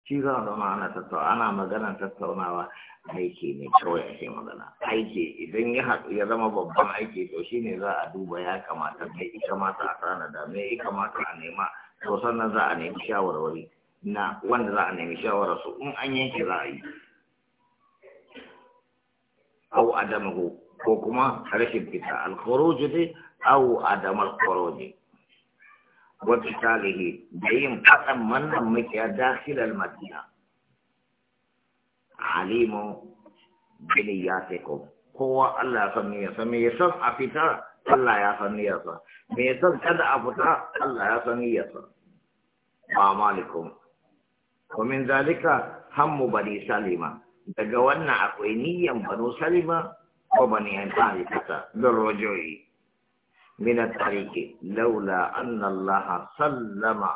shi za a zama ana tattawa ana magana tattaunawa aiki ne kawai ake magana aiki idan ya haɗu ya zama babban aiki to shi ne za a duba ya kamata me ya kamata a da me ya kamata a nema to sannan za a nemi shawarwari na wanda za a nemi shawararsu in an yanke za a yi au adamahu ko kuma rashin fita alkhuruj dai au adamal khuruj salihi da yin fadan mannan muke a dakilar madina alimun gini ya teku kowa Allah ya san me me ya san a fita Allah ya san ni me ya san kada a fita Allah ya san ni wa malikum ko min zalika hammu bani salima daga wannan akwai niyyar bani salima ko bani an tsari fita don rojoyi من الطريق لولا أن الله سلم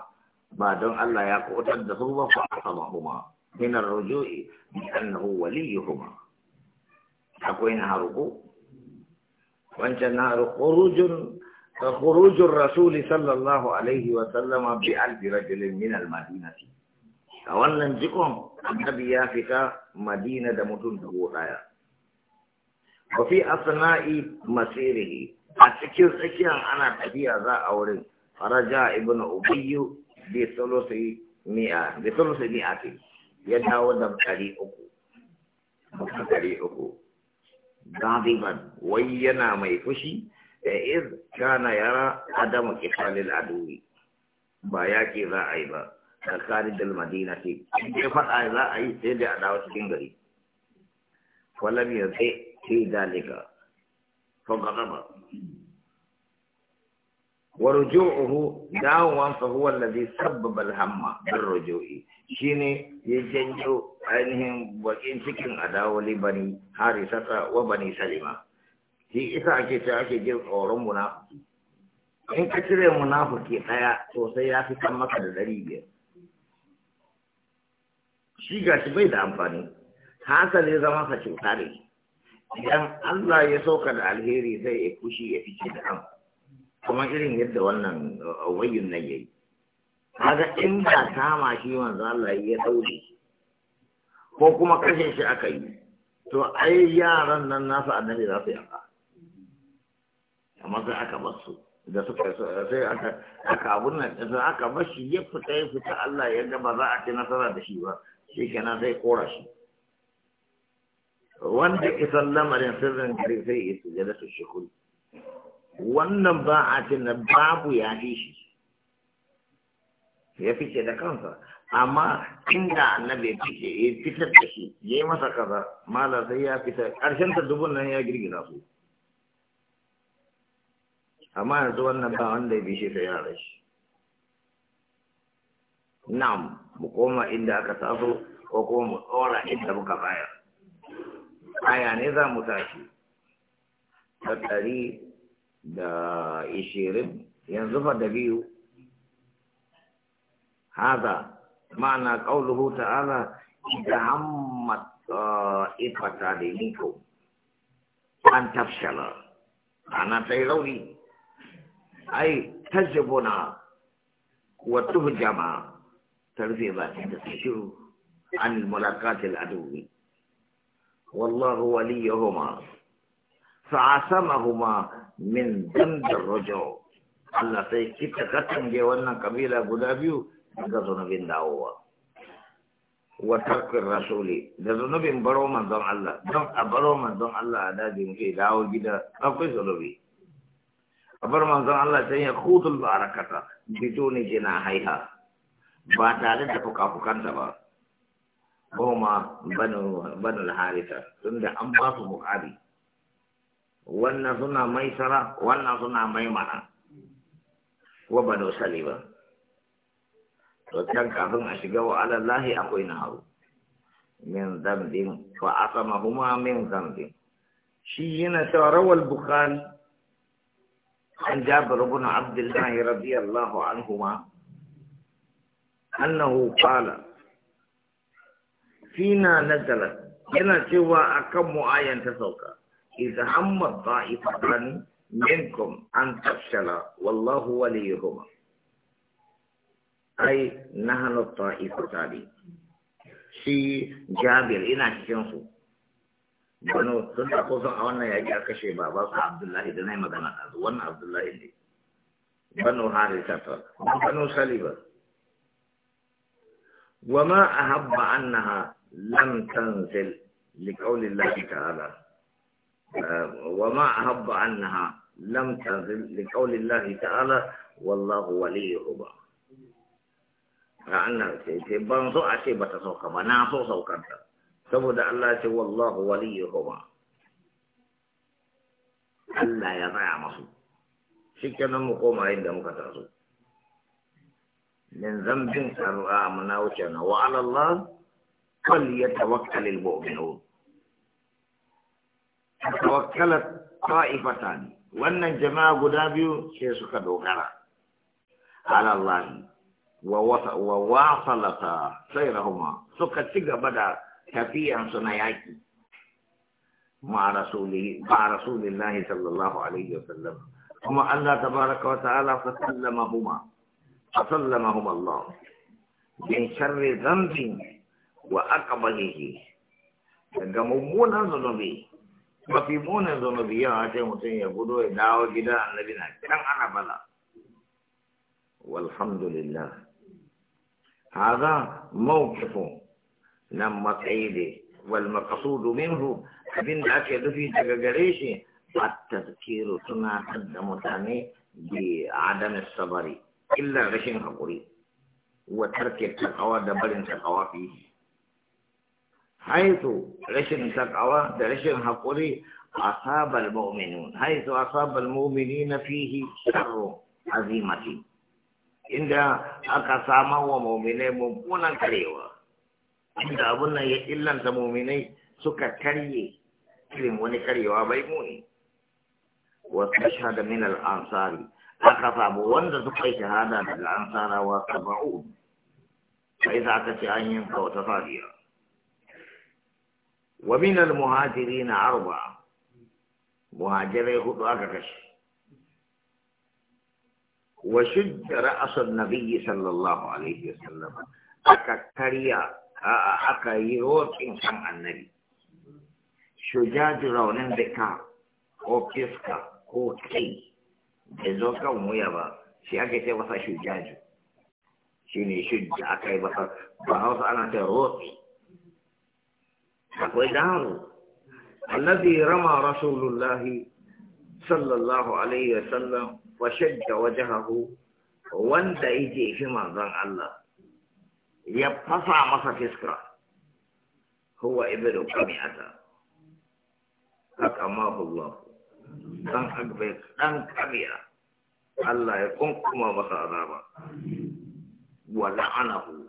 بعد الله يقول الدخول فأعصمهما من الرجوع بأنه وليهما أكوين هارقو وانشان هارو خروج خروج الرسول صلى الله عليه وسلم بألف رجل من المدينة أولا جكم النبي يافك مدينة دمتون وفي أثناء مسيره a cikin tsakiyar ana tafiya za a wurin faraja ibn ubayyu bi sulusi mi'a bi sulusi ce. ya dawo da ɗari uku mutum uku. uku gadiban wai yana mai fushi da iz kana yara adamu kitalil aduwi ba ya ke za a yi ba tsakanin dal madina ce ya faɗa za a yi sai da a dawo cikin gari walam yanzu sai dalika ohu, فغضب ورجوعه داوا فهو الذي yi, الهم بالرجوع شيني يجنجو ainihin bakin cikin adawa libani harisata wa bani salima shi isa ake ce ake jin tsoron na. in ka cire munafiki daya to sai ya fi kan maka da dari biyar shi gashi bai da amfani hasali zama sa cuta ne idan Allah ya sauka da alheri zai ya kushi ya fice da an kuma irin yadda wannan wayin uh, nan yayi kaga in ba kama shi manzo Allah ya daure ko kuma kashe shi aka yi to ai yaran nan nasu annabi za su aka amma sai aka bar su da suka sai aka aka abun nan sai aka bar shi ya fita ya fita Allah ya ga ba za a ci nasara da shi ba shi kenan sai kora shi wanda isan lamarin sirrin kare sai ya sujada su kuri, wannan ba a ce na babu ya fi shi ya fice da kansa amma inda annabi ya fice ya fitar da shi ya yi masa kaza mala sai ya fitar Karshen ta dubun nan ya girgiza su amma yanzu wannan ba wanda ya fi shi sai ya rashi na'am mu koma inda aka taso ko kuma mu tsora inda muka bayar aya ne za mu tashi ta ɗari da ishirin yanzu fa da biyu haza ma'ana ƙauluhu ta'ala idan hammat ifata da niko an tafshala ana ta yi rauni ai tajibuna wa Ta rufe ba ta shiru an mulakatil aduwi والله وليهما فعصمهما من ذنب الرجوع Allah sai kita katange wannan kabila guda biyu daga zunubin dawowa wa tarkir rasuli da zunubin baro manzon Allah don a baro manzon Allah a dajin ke dawo gida akwai zunubi a bar manzon Allah sai ya kudul barakata biduni jina haiha ba tare da fuka-fukanta ba goma banul harita tunda an ba su muƙari wannan suna mai maisara wannan suna mai maimana wa banu saliba to can kafin a shiga wa alallahi akwai naharu min zambin fa asamahuma min zambin shi yana cewa rawal bukhari عن جابر بن عبد الله رضي الله عنهما fina dalar yana cewa akan mu'ayan ta sauka idza hamma ta'ifatan minkum an tafshala wallahu goma. ai na nahnu tare. shi jabir ina cikin su bano sun da kusan a wannan yaki a kashe baban su abdullahi da yi magana a wannan abdullahi ne bano harisa ta bano saliba wa ma ahabba annaha لم تنزل لقول الله تعالى آه، وما أهب عنها لم تنزل لقول الله تعالى والله وليهما فأنا سوء أشيبة سوكما ناسو سوكما سبدا الله تعالى والله وليهما ألا يضع مصر شكنا مقوم عند مكتاسو من ذنب أرآمنا وشنا وعلى الله فليتوكل المؤمنون توكلت طائفتان وان الجماعة قدابيو شيسو كدوغرا على الله وواصلتا سيرهما سوكا تيغا بدا كفي ان مع رسوله مع رسول الله صلى الله عليه وسلم ثم الله تبارك وتعالى فسلمهما فسلمهما الله من شر ذنب وأقبله daga mummunan zunubi mafi munin zunubi yawa ce mutum ya gudu ya dawo gida annabi na can ana bala walhamdulillah هذا موقف لما تعيد والمقصود منه abin da ake nufi daga gare shi at-tazkiru suna da mutane bi adam sabari illa rashin hakuri wa tarke takawa da barin takawa fi haitu rashin takawa da rashin haƙuri a sabar mu'minin haitu a sabar mu'mini na fihi sharro azimati inda aka sama wa mu'minai mummunan karewa inda abin nan ya illanta mu'minai suka karye irin wani karyewa bai muni wata shahada min al'ansari aka samu wanda suka yi hada daga ansarawa saba'u sai za ka ci an yin kawata safiya ومن المهاجرين أربعة مهاجري هدو أكاكش وشد رأس النبي صلى الله عليه وسلم أكاكريا أكايروت إنسان النبي شجاج رونين بكا أو كيسكا أو كي بزوكا وميابا شيئا كتبا شجاج شيني شجاج بصى بحوث أنا تروتي akwai damu الذي رمى رسول الله صلى الله عليه وسلم وشد وجهه wanda yake shi manzon Allah ya fasa masa fiskra huwa ibnu qami'ata akamahu Allah dan agbe dan qami'a Allah ya kunkuma masa azaba wa la'anahu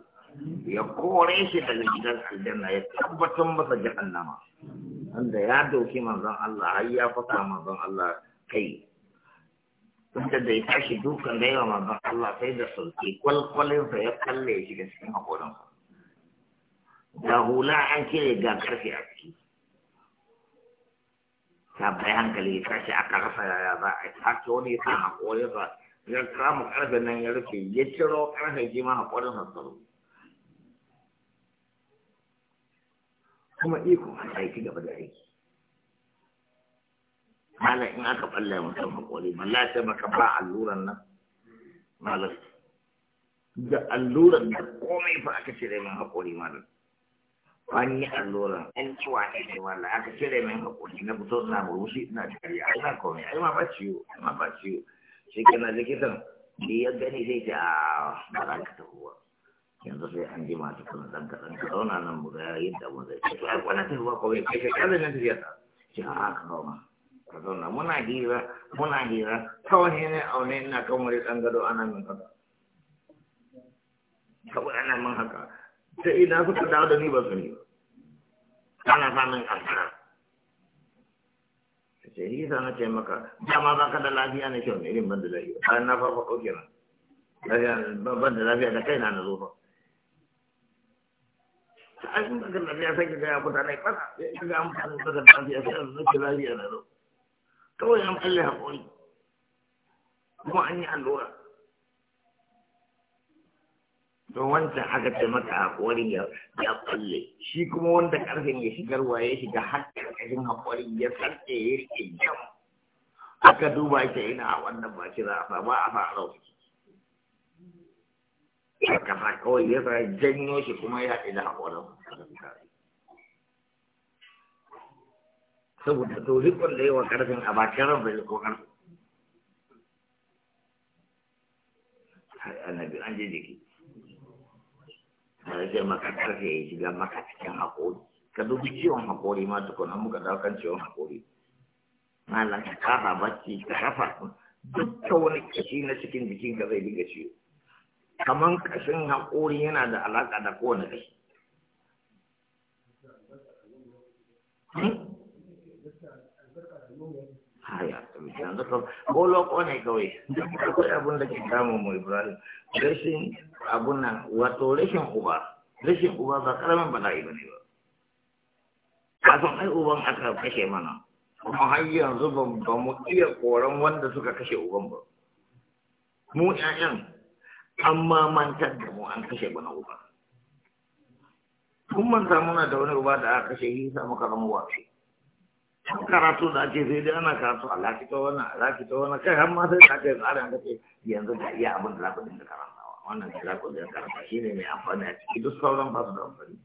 ya kore shi daga gidan aljanna ya tabbatar masa jahannama wanda ya dauki manzon Allah har ya fasa manzon Allah kai wanda da ya tashi dukan da yawa manzon Allah sai da sauke sa ya kalle shi ga cikin haƙorinsa da hula an kire ga karfe a ciki bai hankali ya tashi aka rasa yaya za a ce wani ya sa haƙorinsa ya kama karfe nan ya rufe ya ciro karfe shi ma haƙorinsa tsaro kuma iko a aiki gaba da aiki malam in aka balle mutum hakuri malla sai maka ba alluran nan malam da alluran da komai fa aka cire min hakuri malam Wani alluran an ci wane ne malam aka cire min hakuri na fito na murushi na jariya ai na komai ai ma ba ciwo ma ba ciwo shi kana likitan ni ya gani sai ta a ah, ba ta ka yanzu sai an jima ta kan dan kaɗan ka zauna nan mu ga yadda mu zai ce ai wannan ta ko bai kai kada nan tafiya ta ce a ka zauna ka zauna muna hira muna hira kawai ne aune ina kan wani dan gado ana min kaza kawai ana min haka sai idan suka dawo da ni ba su ne ana samun asara ce yi na ce maka dama ba ka da lafiya na kyau ne irin ban da lafiya bayan na farfaɗo kenan ban da lafiya da kai na zo fa abin da ya sai gaya mutane kasa ya ga da na zo kawai an kalle haƙuri kuma an yi allura don wancan aka ce maka haƙuri ya ya shi kuma wanda karfin ya shigarwa ya shiga har karkashin haƙuri ya sarke ya rike jam aka duba ke ina a wannan ba kira ba a fara rauki a kafa kawai ya sa janyo shi kuma ya haɗe da haƙorin saboda to rikon da yawa ƙarfin a bakin ran bai ko ƙarfi annabi an je jiki A sai maka ƙarfe ya shiga maka cikin haƙori ka dubi ciwon haƙori ma tukuna muka ɗaukan ciwon haƙori malam ka kafa bacci ka kafa duk ta wani kashi na cikin jikin jikinka zai dinga ciwo kaman kashin haƙori yana da alaƙa da kowane kai ko loko ne kawai akwai abin da ke kama mu ibrahim rashin abun nan wato rashin uba rashin uba ba karamin ba ba ne ba kasan ai uban aka kashe mana kuma har yanzu ba mu iya koran wanda suka kashe uban ba mu 'ya'yan amma mantar da mu an kashe bana uba kun manta muna da wani uba da aka kashe yi samu karan wafi kan karatu da ake sai dai ana karatu a lafita wani a lafita wani kai har ma sai da kai tsari an kashe yanzu da iya abin da za ku dinga karantawa wannan da za ku dinga karanta shi ne mai amfani a ciki duk sauran ba su da amfani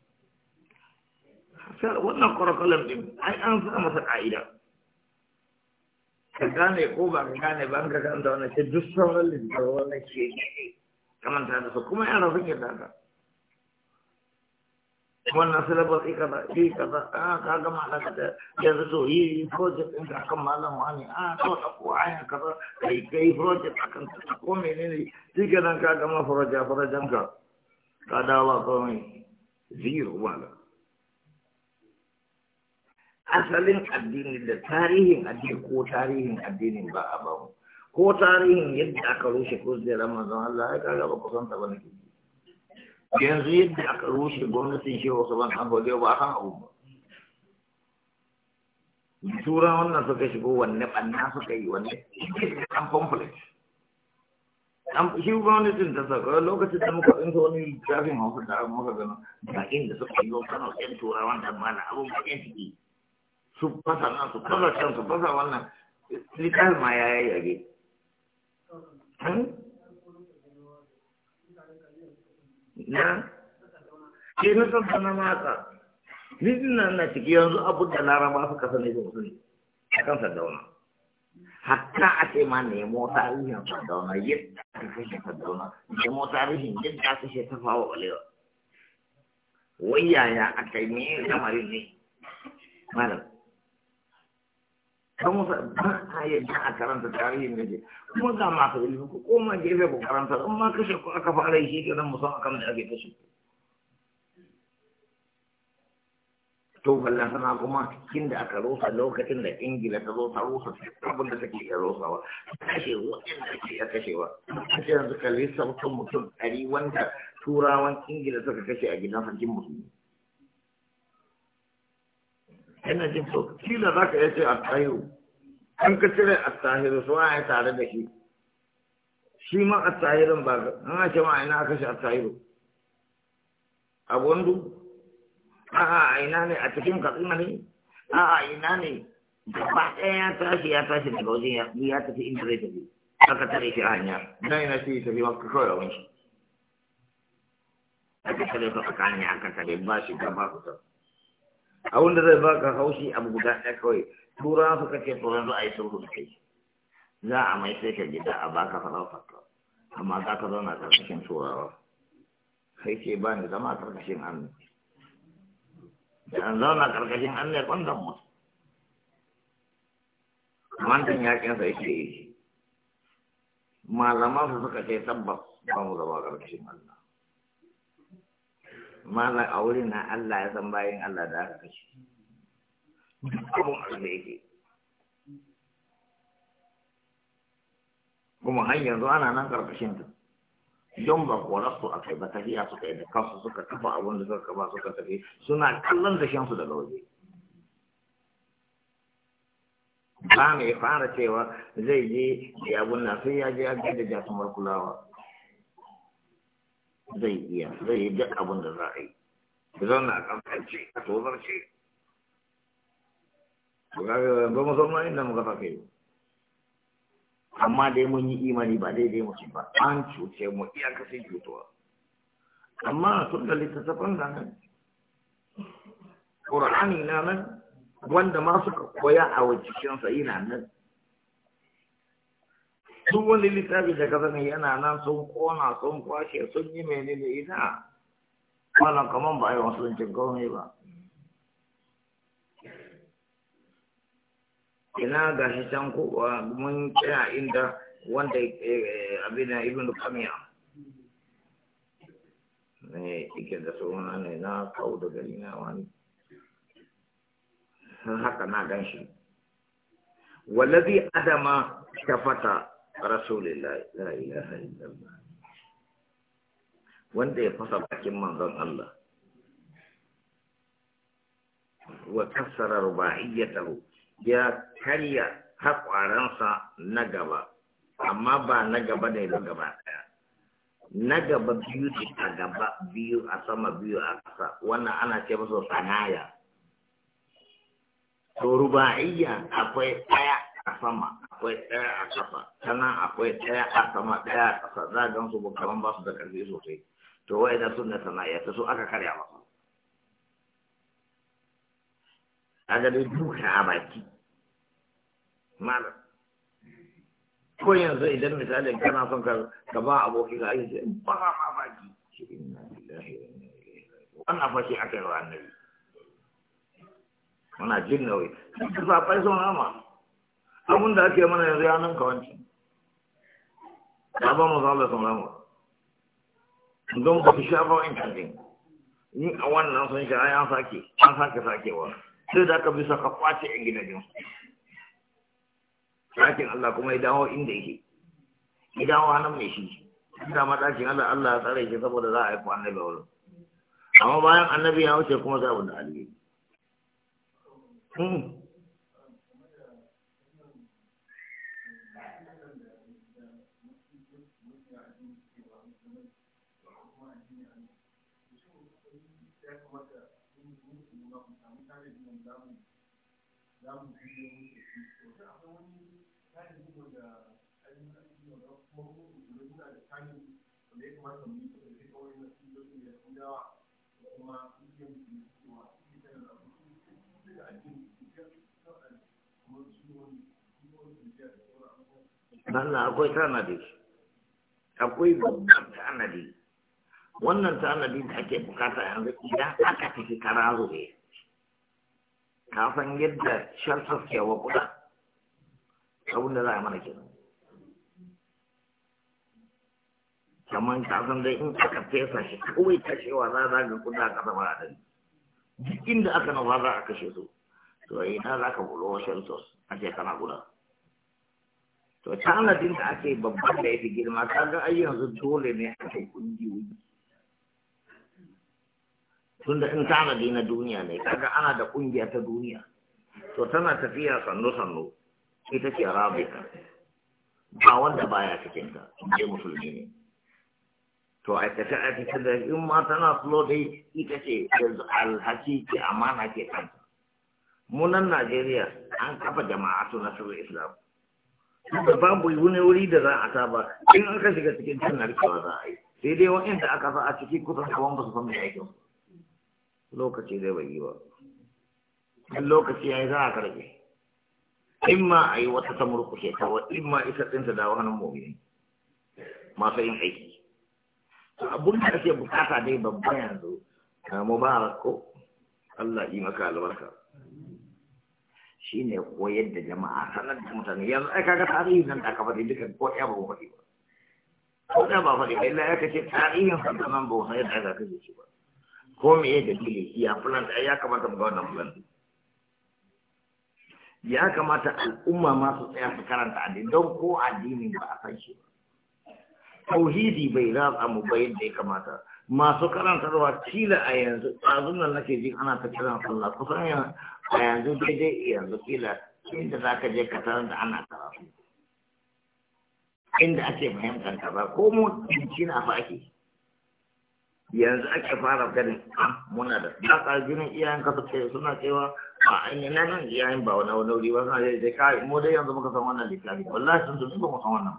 wannan curriculum din ai an sa masa ka'ida ka gane ko ba ka gane ba ka gane da wannan sai duk sauran littattafan wannan ke كمان هذا سكوما أنا في كذا هذا كمان نسل بس إيه كذا إيه كذا آه كذا ما هذا كذا جزء هو هي فوجة إن كم هذا ما هني آه كذا سكوا أيه كذا كي كي فوجة كم سكوا مني دي كذا كذا ما فوجة فوجة كذا كذا الله كمي زيرو ولا أصلين الدين التاريخ الدين كو تاريخ الدين بقى بقى ko tarihin yadda aka rushe kujerar ramazan Allah ya kaga ba kusan ta bane yanzu yadda aka rushe gwamnatin shi wasu ban an gode ba kan abu ba tura wannan suka shigo wanne banna suka yi wanne an complex an shi gwamnatin ta saka lokacin da muka tsinta wani littafin hausa da muka gano ba inda suka yi wa kano yan turawan da mana abu ba yan ciki su fasa nan su fasa can su fasa wannan littafin ma ya yi a gefe na ke na sassa na matsa nijin nan na ciki yanzu abu da laraba suka sani da ne. a kan sadauna hatta a ce ma nemo tarihin sadauna yadda aka kashe sadauna nemo tarihin yadda aka kashe ta fawa balewa wai yaya aka yi ne lamarin ne malam don musa ba a yadda a karanta tarihin gaje kuma ga masu ilimi ku koma gefe ku karanta in ma kashe ku aka fara yi shi ke nan musamman akan da ake kashe to ballan sana kuma kin da aka rusa lokacin da ingila ta zo ta rusa abin da take iya rusawa kashe waɗanda ke iya kashewa kashe yanzu kalli sabbin mutum ɗari wanda turawan ingila suka kashe a gidan sarkin musulmi ina jin to kila za ka yace a tsayo an ka cire a tsahiru su a tare da shi shi ma a tsahirin ba ga an ce ma ina aka shi a tsahiru a gwandu a a ina ne a cikin katsina ne a a ina ne gaba ɗaya ya tashi ya tashi daga wajen ya ya tafi inda zai tafi aka tare shi a hanya dan ina shi tafi maka kawai a wani aka tare ka tsakani aka tare ba shi gaba ku tafi abin da zai ba ka haushi abu guda ɗaya kawai tura suka ce to yanzu a yi sulhu da kai za a mai sai ka gida a baka farautarka amma za ka zauna karkashin turawa sai ce ba ni zama karkashin hannu da an zauna karkashin hannu ya ƙwandan mutu mantan yakin sa yake yi malaman su suka ce tabbas ba mu zama karkashin Allah malam a wurin na Allah ya san bayan Allah da aka kashe abun yake kuma har yanzu ana nan ƙarfashin ta don ba rasu a kai ba tafiya suka yi da kansu suka kafa abin da suka kafa suka tafi suna kallon da shansu daga waje ba mai fara cewa zai je ya bunna sai ya je ya da jasumar kulawa zai iya zai yi duk abin da za a yi zauna a kamfanci a tozarci ba ga mu musamman inda mu sa kai amma dai mun yi imani ba daidai musu ba an cuce mu iyakacin cutuwa amma tun da littattafan da nan Al-Qur'ani na nan wanda ma suka koya a wajen sa yana nan duk wani littafi da ka yana nan sun kona sun kwashe sun yi menene ita. wannan kaman ba a yi musuluncin komai ba ina ga shi can kowa mun tsaya inda wanda eh, abin da ibn kamiya ne ike da suna ne na kawo da gari na wani haka na gan shi wallazi adama shafata رسول wanda ya fasa bakin manzon Allah wa kassara rubaiyatahu ya karya hakwaransa na gaba amma ba na gaba ne na gaba daya na gaba biyu a gaba biyu a sama biyu a ƙasa wannan ana ce masa tsanaya to ruba'iyya akwai ɗaya akwai ɗaya a ƙasa tana akwai ɗaya a sama ɗaya a ƙasa za gan su bukaman ba su da ƙarfi sosai to wai na sana sana'a ta so aka karya masa a gani duka a baki malam ko yanzu idan misalin kana son ka ba aboki ka aiki ba ma baki shi na lillahi wa inna wannan fashi akai wa annabi muna jin nauyi duk sun rama abun da ake mana yanzu ya nan kawancin ya ba mu zala sun rama don ba su shafa wa intanin ni a wannan sun sha an sake an sake sakewa sai da aka bisa ka kwace yan gidajen sakin Allah kuma ya dawo inda yake ya dawo hannun mai shi inda ma dakin Allah Allah ya tsare shi saboda za a haifu annabi a wurin amma bayan annabi ya wuce kuma za mu da aliyu za akwai akwai tanadi, akwai babban tanadi. Wannan tanadi da ake bukata yanzu idan aka tafi kara ne. ka san yadda sharfas ke wa kuɗa abin da za a mana kenan kamar ka san dai in aka fesa shi kawai kashewa za a ga kuɗa a ƙasa ba a dari duk inda aka nufa za a kashe su to ina za ka bulo sharfas a ce kana kuɗa to tanadin da ake babban da ya fi girma ga ai yanzu dole ne a kai kungiyoyi tunda in tanadi na duniya ne kaga ana da kungiya ta duniya to tana tafiya sannu sannu ita ce rabita ba wanda baya cikin ta je musulmi ne to ta aikata da in ma tana flo dai ita ce yanzu alhaki ke amana ke kanta munan Najeriya an kafa jama'a na nasu Islam da babu wani wuri da za a saba in an ka shiga cikin tunar kewa za a yi sai dai wa'inda aka fa a ciki kusan kawan ba su san mai aikin su lokaci zai bai yi ba in lokaci ya yi za a karbe in ma a yi wata ta murkushe ta wa in ma isa ɗinta da wani mumini masu yin aiki abun da ake bukata dai babban yanzu na mubarak ko Allah yi maka albarka shi ne koyar da jama'a sanar da mutane yanzu ai kaga tarihi nan da aka faɗi duka ko ɗaya ba faɗi ba ko ɗaya ba faɗi ba illa ya kace tarihin nan ba wani yadda aka kaje shi ba ko me ya dalili ya fulan da ya kamata mu ga wannan fulan ya kamata al'umma ma su tsaya su karanta addini don ko addini ba a san shi tauhidi bai a mu ba da ya kamata masu karantarwa kila a yanzu ɗazun nan nake jin ana ta kiran sallah kusan a yanzu daidai yanzu kila inda za ka je ka da ana karatu inda ake fahimtar ka ba ko mu cinci a fa'aki yanzu ake fara ganin ah, muna da daga ginin iyayen kasa ce suna cewa a ainihin na nan iyayen ba wani wani wuri ba suna da kai mu dai yanzu muka san wannan littafi wallahi sun tuni ba mu san wannan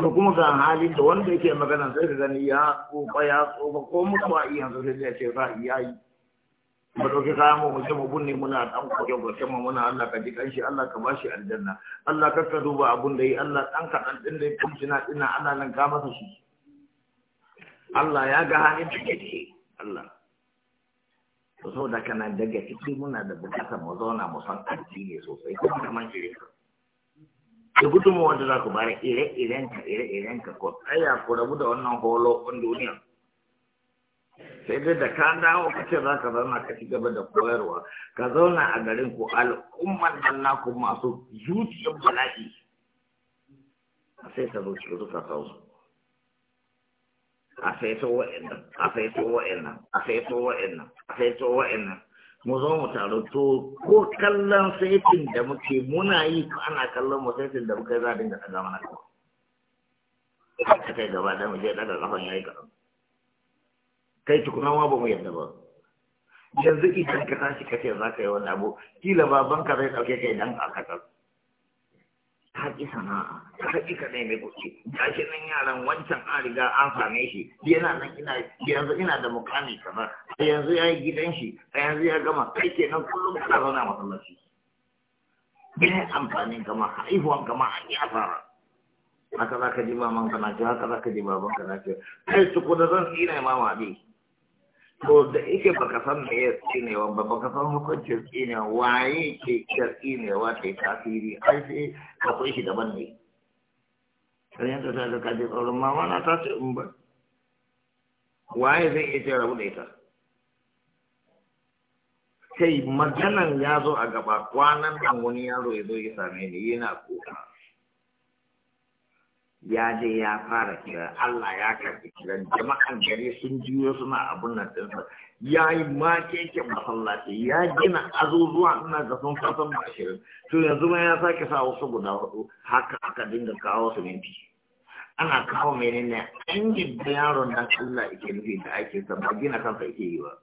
ba kuma ga halin da wanda yake magana sai ka gani ya tsofa ya tsofa ko mutu a iyayen sai ya ce za a yi. ba ɗauki kayan mu mu ce mu bunne muna ɗan koke koke mu muna Allah ka ji kanshi Allah ka bashi aljanna Allah kar ka duba abun da yi Allah ɗan kaɗan ɗin da ya kumshi na ɗina Allah nan ka masa shi Allah ya ga hannun da ke Allah to so da kana daga cikin muna da bukata mu zauna mu san ne sosai kuma kaman shirka da mu wanda za ku bari ire-iren ka ire-iren ka ko tsaya ku rabu da wannan holo on duniya sai dai da ka dawo ka ce za ka zauna ka ci gaba da koyarwa ka zauna a garin ku al'umman nan naku masu zuciyar bala'i sai ka zo ka zuka sauransu a saito wa'annan a saito wa'annan a saito wa'annan a mu zo mu taro to ko kallon saitin da muke muna yi ko ana kallon mu saitin da muke za a dinga daga mana ko ka kai gaba da mu je daga kafan ya yi kai tukuna ma ba mu yadda ba yanzu idan ka tashi kace za ka yi wani abu kila babanka zai dauke kai idan aka tafi ta ƙi sana'a ta ƙi kaɗai mai kuɗi ga shi nan yaran wancan an riga an same shi yana nan ina yanzu ina da mukami kamar a yanzu ya yi gidan shi a yanzu ya gama kai ke nan kullum kana zauna masallaci ina amfanin kama haihuwan kama an yi asara haka za ka ji maman kana ce haka za ka ji baban kana ce kai su kuda zan tsina mama bi to da ike baka san me ya tsinewa ba baka san hukuncin tsinewa waye ke kiyar tsinewa ta yi tasiri ai sai kun shi daban ne kan yadda ta ga kaji tsoron mama na ta ce in ba waye zai iya ce rabu da ita sai maganan ya zo a gaba kwanan nan wani yaro ya zo ya same ni yana kuka ya je ya fara kira Allah ya karbi kiran jama'an gari sun juyo suna abun nan ɗinsa ya yi makeke masallaci ya gina azuzuwa ina ga sun kasan ashirin to yanzu ma ya sake sa wasu guda hudu haka aka dinga kawo su minti ana kawo menene an gidda yaron nan Allah yake nufi da ake sa ba gina kansa yake yi ba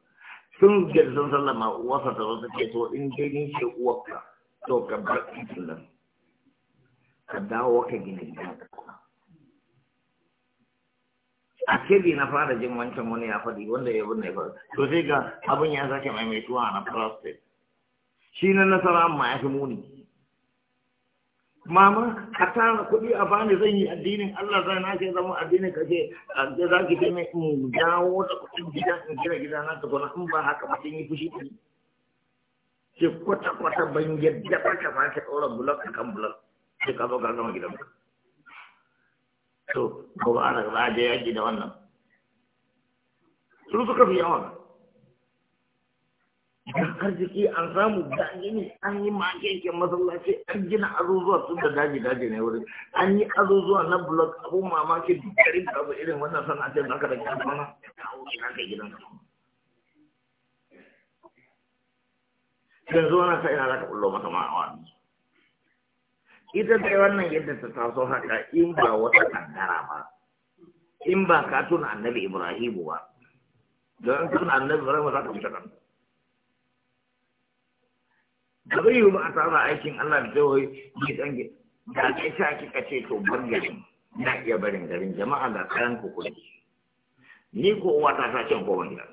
sun gida sun sallama uwarsa ta wasu ce to in dai ni ce uwarka to ka bar titin nan ka dawo ka gina gidanka a kebe na fara jin wancan wani ya faɗi wanda ya bunne faɗi to sai ga abin ya sake maimaituwa na prostate shi na nasara amma ya fi muni mama a tara kuɗi a bani zan yi addinin Allah zai na ke zama addinin ka ce za ki ce mai in dawo da kuɗin gida in gina gida na ta gona in ba haka ba sun yi fushi ɗin Ke kwata-kwata ban yadda ba ta ma ta ɗora bulok a kan bulok sai ka zo ka gama gidanka to mubarak za a je yaƙi da wannan su suka fi yawan da arziki an samu da ne an yi makekin masallaci an gina azuzuwa tun da daji daji ne wuri, an yi azuzuwa na blog abun mamaki da abu irin wannan sana'atar da aka da kyan sana kawo ina kai gidan yanzu wani ka ina za ka kullo masa ma'awa ita dai wannan yadda ta taso haka in ba wata kankara ba in ba ka tuna annabi ibrahimu ba don tuna annabi ibrahimu za ka fita kan ba zai yi ba a tsara aikin allah da zai yi dan da kai sa kika ce to bar gari na iya barin garin jama'a da kayan kukuri ni ko uwa ta sa cin kowa gidan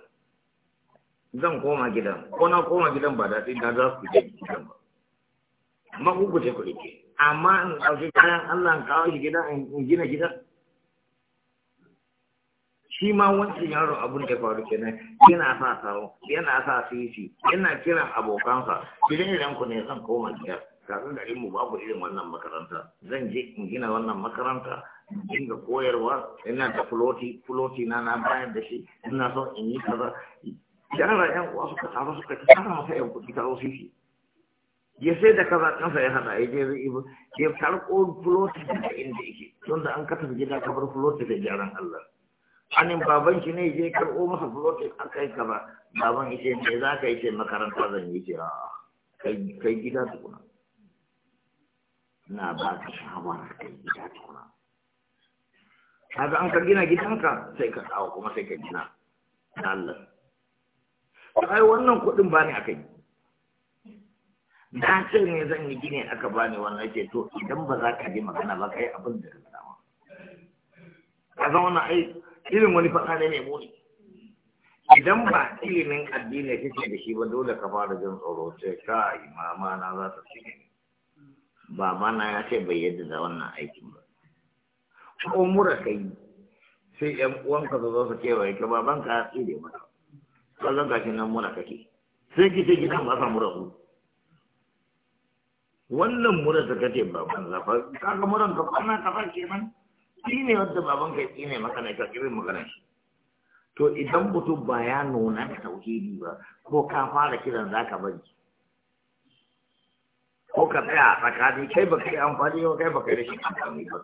zan koma gidan ko na koma gidan ba daɗi da za su je gidan ba amma ku ku je ku rike amma in ɗauki kayan Allah kawo shi gida in gina gida shi ma wancan yaro abin da faru kenan yana sa sawo yana sa sisi yana kiran abokansa idan idan ku ne zan koma gida kafin garin mu babu irin wannan makaranta zan je in gina wannan makaranta dinga koyarwa ina da fuloti fuloti na na bayar da shi ina son in yi kaza yara yan uwa suka taru suka tsara masa yan kuɗi kawo sisi ya sai da kaza kansa ya hada ya je zai ya farko fuloti da inda yake da an kasa gida kabar fuloti da jaran Allah anin baban shi ne je karko masa a kai ka ba. baban yace me za ka yace makaranta zan yi ce a kai kai gida tukuna na ba ka shawara kai gida tukuna kaga an ka gina gidanka sai ka kawo kuma sai ka gina Allah ai wannan kuɗin ba ne akai na ce ne zan yi gini aka bani wannan ce to idan ba za ka ji magana ba kai abin da ka dama ka zama na ai irin wani faɗa ne mai muni idan ba ilimin addini kake da shi ba dole ka fara jin tsoro ce kai mama na za ta ce baba na ya ce bai yadda da wannan aikin ba ko mura kai sai yan uwanka da za su kewaye ka baban ka ya tsire maka kallon shi nan mura kake sai ki ce gidan ba sa mura ku wannan mura da kake baban zafar kaga muran ka kwana kafa kenan shi ne wanda baban ka shi ne magana ka kirin magana shi to idan mutum ba ya nuna da tauhidi ba ko ka fara kiran zaka bari ko ka tsaya a tsakani kai ba yi amfani ba kai ba kai rashin amfani ba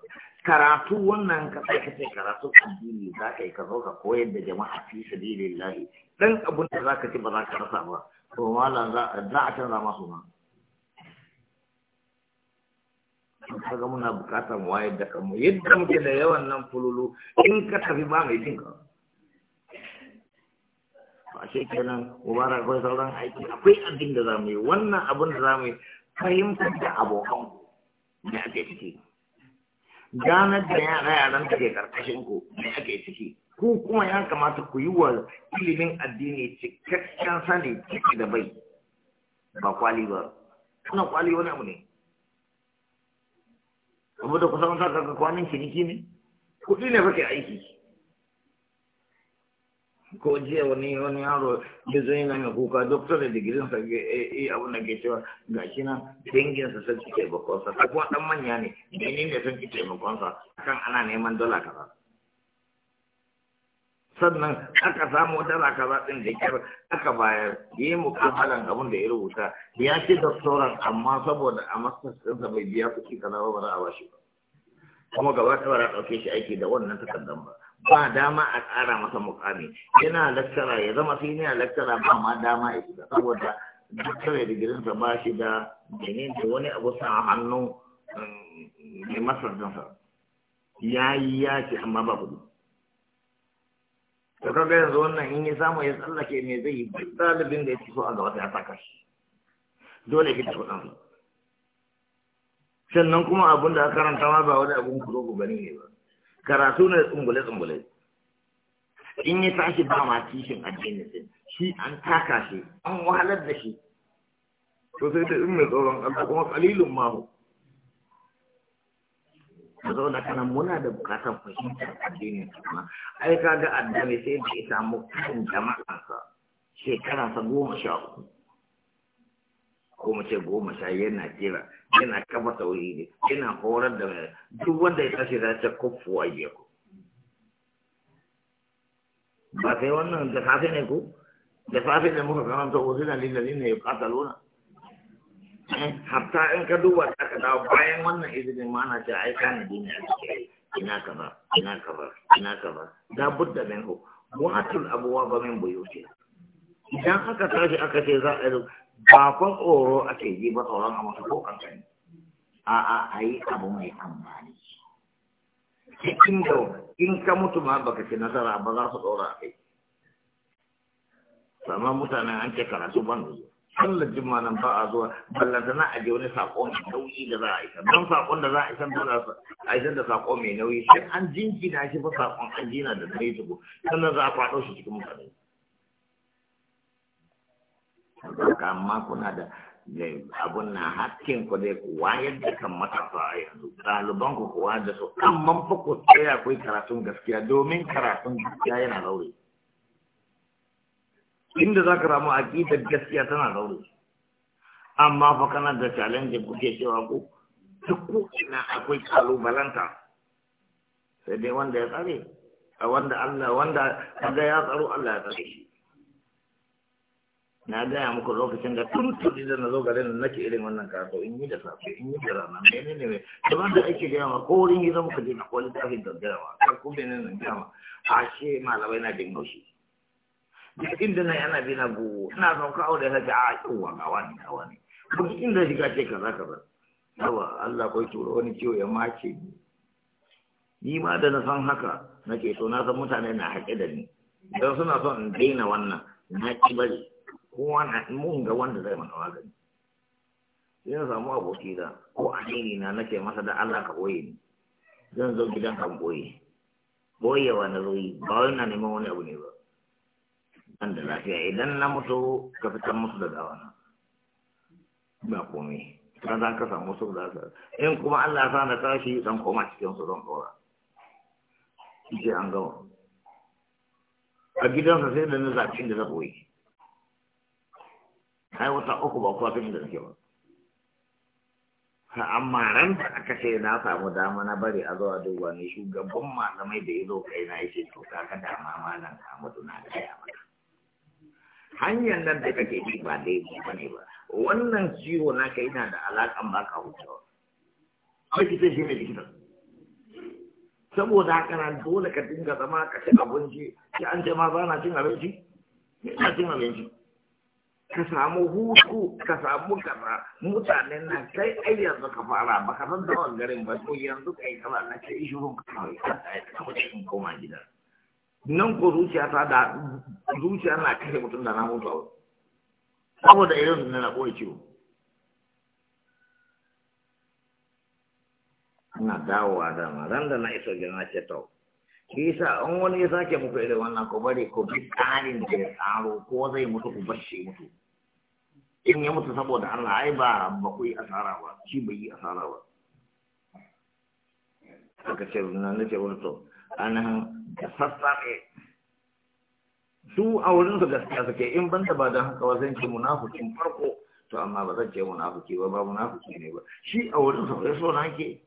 karatu wannan ka tsaya kace karatu addini za ka yi ka zo ka koyar da jama'a fi sabilillahi dan abun da zaka ci ba za ka rasa ba to mallan za a canza masu ma ga muna bukatar wayar da kanmu yadda muke da yawan nan fululu in ka tafi ba mai jin ka a kenan mubara akwai sauran aiki akwai abin da zamu yi wannan abin da zamu yi fahimtar da abokan da ake ciki ganar da yara yaran da ke karkashin ku me ake ciki ku kuma ya kamata ku yi wa ilimin addini cikakken sani ciki da bai ba kwali ba kuna kwali wani abu ne saboda da kusan sa ga kwanin shiriki ne kuɗi ne fa aiki ko jiya wani wani yaro ya zo yana mai kuka doktor da digirin sa ga eh, eh, a da ke cewa shi nan dangin sa sun ci taimakon sa kuma dan manya ne ne ne sun ci taimakon sa kan ana neman dola kaza sannan aka samu wata kaza din da kyar aka bayar yi halin abin da ya rubuta ya ce da sauran amma saboda a masarsinsa bai biya kuɗi kaza ba ba a bashi ba kuma gaba ta bara ɗauke shi aiki da wannan takardar ba ba dama a ƙara masa mukami yana lakcara ya zama sai a lakcara ba ma dama ya shiga saboda lakkara digirinsa ba shi da menene wani abu sa hannu mm, mai masarsinsa ya yi ya ce amma ba kuɗi to kaga yanzu wannan in ya samu ya tsallake me zai yi duk ɗalibin da ya so a gaba ya saka shi dole ki tafi ɗan sannan kuma abin da aka karanta ma ba wani abin kuro ku gani ne ba karatu ne tsungule tsungule in ya tashi ba ma kishin addini din shi an taka shi an wahalar da shi to sai ta in mai tsoron Allah kuma kalilun ma ka zauna kana muna da bukatar fahimtar addinin kuma ai ga addini sai da ita mu kan jama'arsa shekara sa goma sha uku ko mu ce goma sha yana kira yana kafa tauri yana horar da duk wanda ya tashi da ta kofuwa ya ku ba sai wannan da safe ne ku da safe ne muka karanta wasu na lillazi ne ya luna. hatta in ka duba da ka dawo bayan wannan izinin ma ana ce ai kana dini a cikin ina ka ba ina ka ba ina ka ba da budda min hu watul abuwa ba min buyuti idan aka tashi aka ce za a yi ba fa tsoro ake yi ba tsoron a masu ko kankani a'a a yi abu mai amfani cikin da in ka mutu ma baka ci nasara ba za su ɗora a kai amma mutanen an ce karatu ban zuwa sallar juma nan ba a zuwa ballanta na aje wani sako mai nauyi da za a isa don sakon da za a isa dole a isa da sako mai nauyi sai an jinki da shi ba sakon an jina da nauyi tuku sannan za a kwaɗo shi cikin mutane amma kuna da abun na hakkin ku dai ku wayar da kan matasa a yanzu ɗaliban ku kuwa da su amma fa ku tsaya ku karatun gaskiya domin karatun gaskiya yana rauni inda za ka ramu a ƙidar gaskiya tana zaune amma fa kana da challenge kuke cewa ko duk ina akwai kalubalanta sai dai wanda ya tsare a wanda Allah wanda kaga ya tsaro Allah ya tsare shi na gaya muku lokacin da tun tun da na zo garin da nake irin wannan karatu in yi da safe in yi da rana mene ne mai to wanda ake gaya ma ko rin yi zama ka je na kwalita da gaggara ma kar kuma ne na ashe malamai na dingo shi inda na yana bi na gogo ina son ka aure ka a ah, yawa ga wani ga wani kuma inda shiga ce kaza kaza yawa Allah kai turo wani ciwo ya mace ni ni ma da na san haka nake so na san mutane na haƙe da ni don suna son in daina wannan na ki bari ko na mun ga wanda zai mana magani sai na samu aboki da ko anini na nake masa da Allah ka boye ni zan zo gidan kan boye boyewa na zo yi ba wani na neman wani abu ne ba an da lafiya idan na mutu ka fitar musu da dawana ba komai ta za ka samu su da su in kuma Allah sa na tashi dan koma cikin su don kora ce an gama a gidansa sai da na zafin da zaɓo yi kai wata uku ba kuwa fi da nake ba amma ran da aka ce na samu dama na bari a zuwa duba ne shugaban malamai da ya zo kai na yake to kaga dama ma nan ka Ahmadu na gaya maka hanyar nan da kake bi ba daidai ba ne ba wannan ciwo na ka yana da alaƙan ba ka ba. hutawa likita shi ne likita saboda haka na dole ka dinga zama ka ci abinci sai an ce ma ba na cin abinci na cin abinci ka samu hutu ka samu kaza mutanen na kai ai yanzu ka fara ba ka san da garin ba ko yanzu kai kaza na ce ishurun ka kawai ka ta yi ta kawai cikin koma gidan. nan ko zuciya ta da zuciya na kashe mutum da na mutu a saboda irin na na koyi ciwo ina dawowa dama danda da na iso jana ce to shi yasa an wani ya sake muku irin wannan ku bari ku bi tsarin da ya tsaro ko zai mutu ku bar shi mutu in ya mutu saboda Allah ai ba ba ku yi asara ba shi bai yi asara ba aka ce na nace wani ainihin da sassaƙe su a wurin su gaskiya suke in banta ba don haka wasan ce munafukin farko to amma ba zan ce munafuki ba ba munafuki ne ba shi a wurin su kai so na ke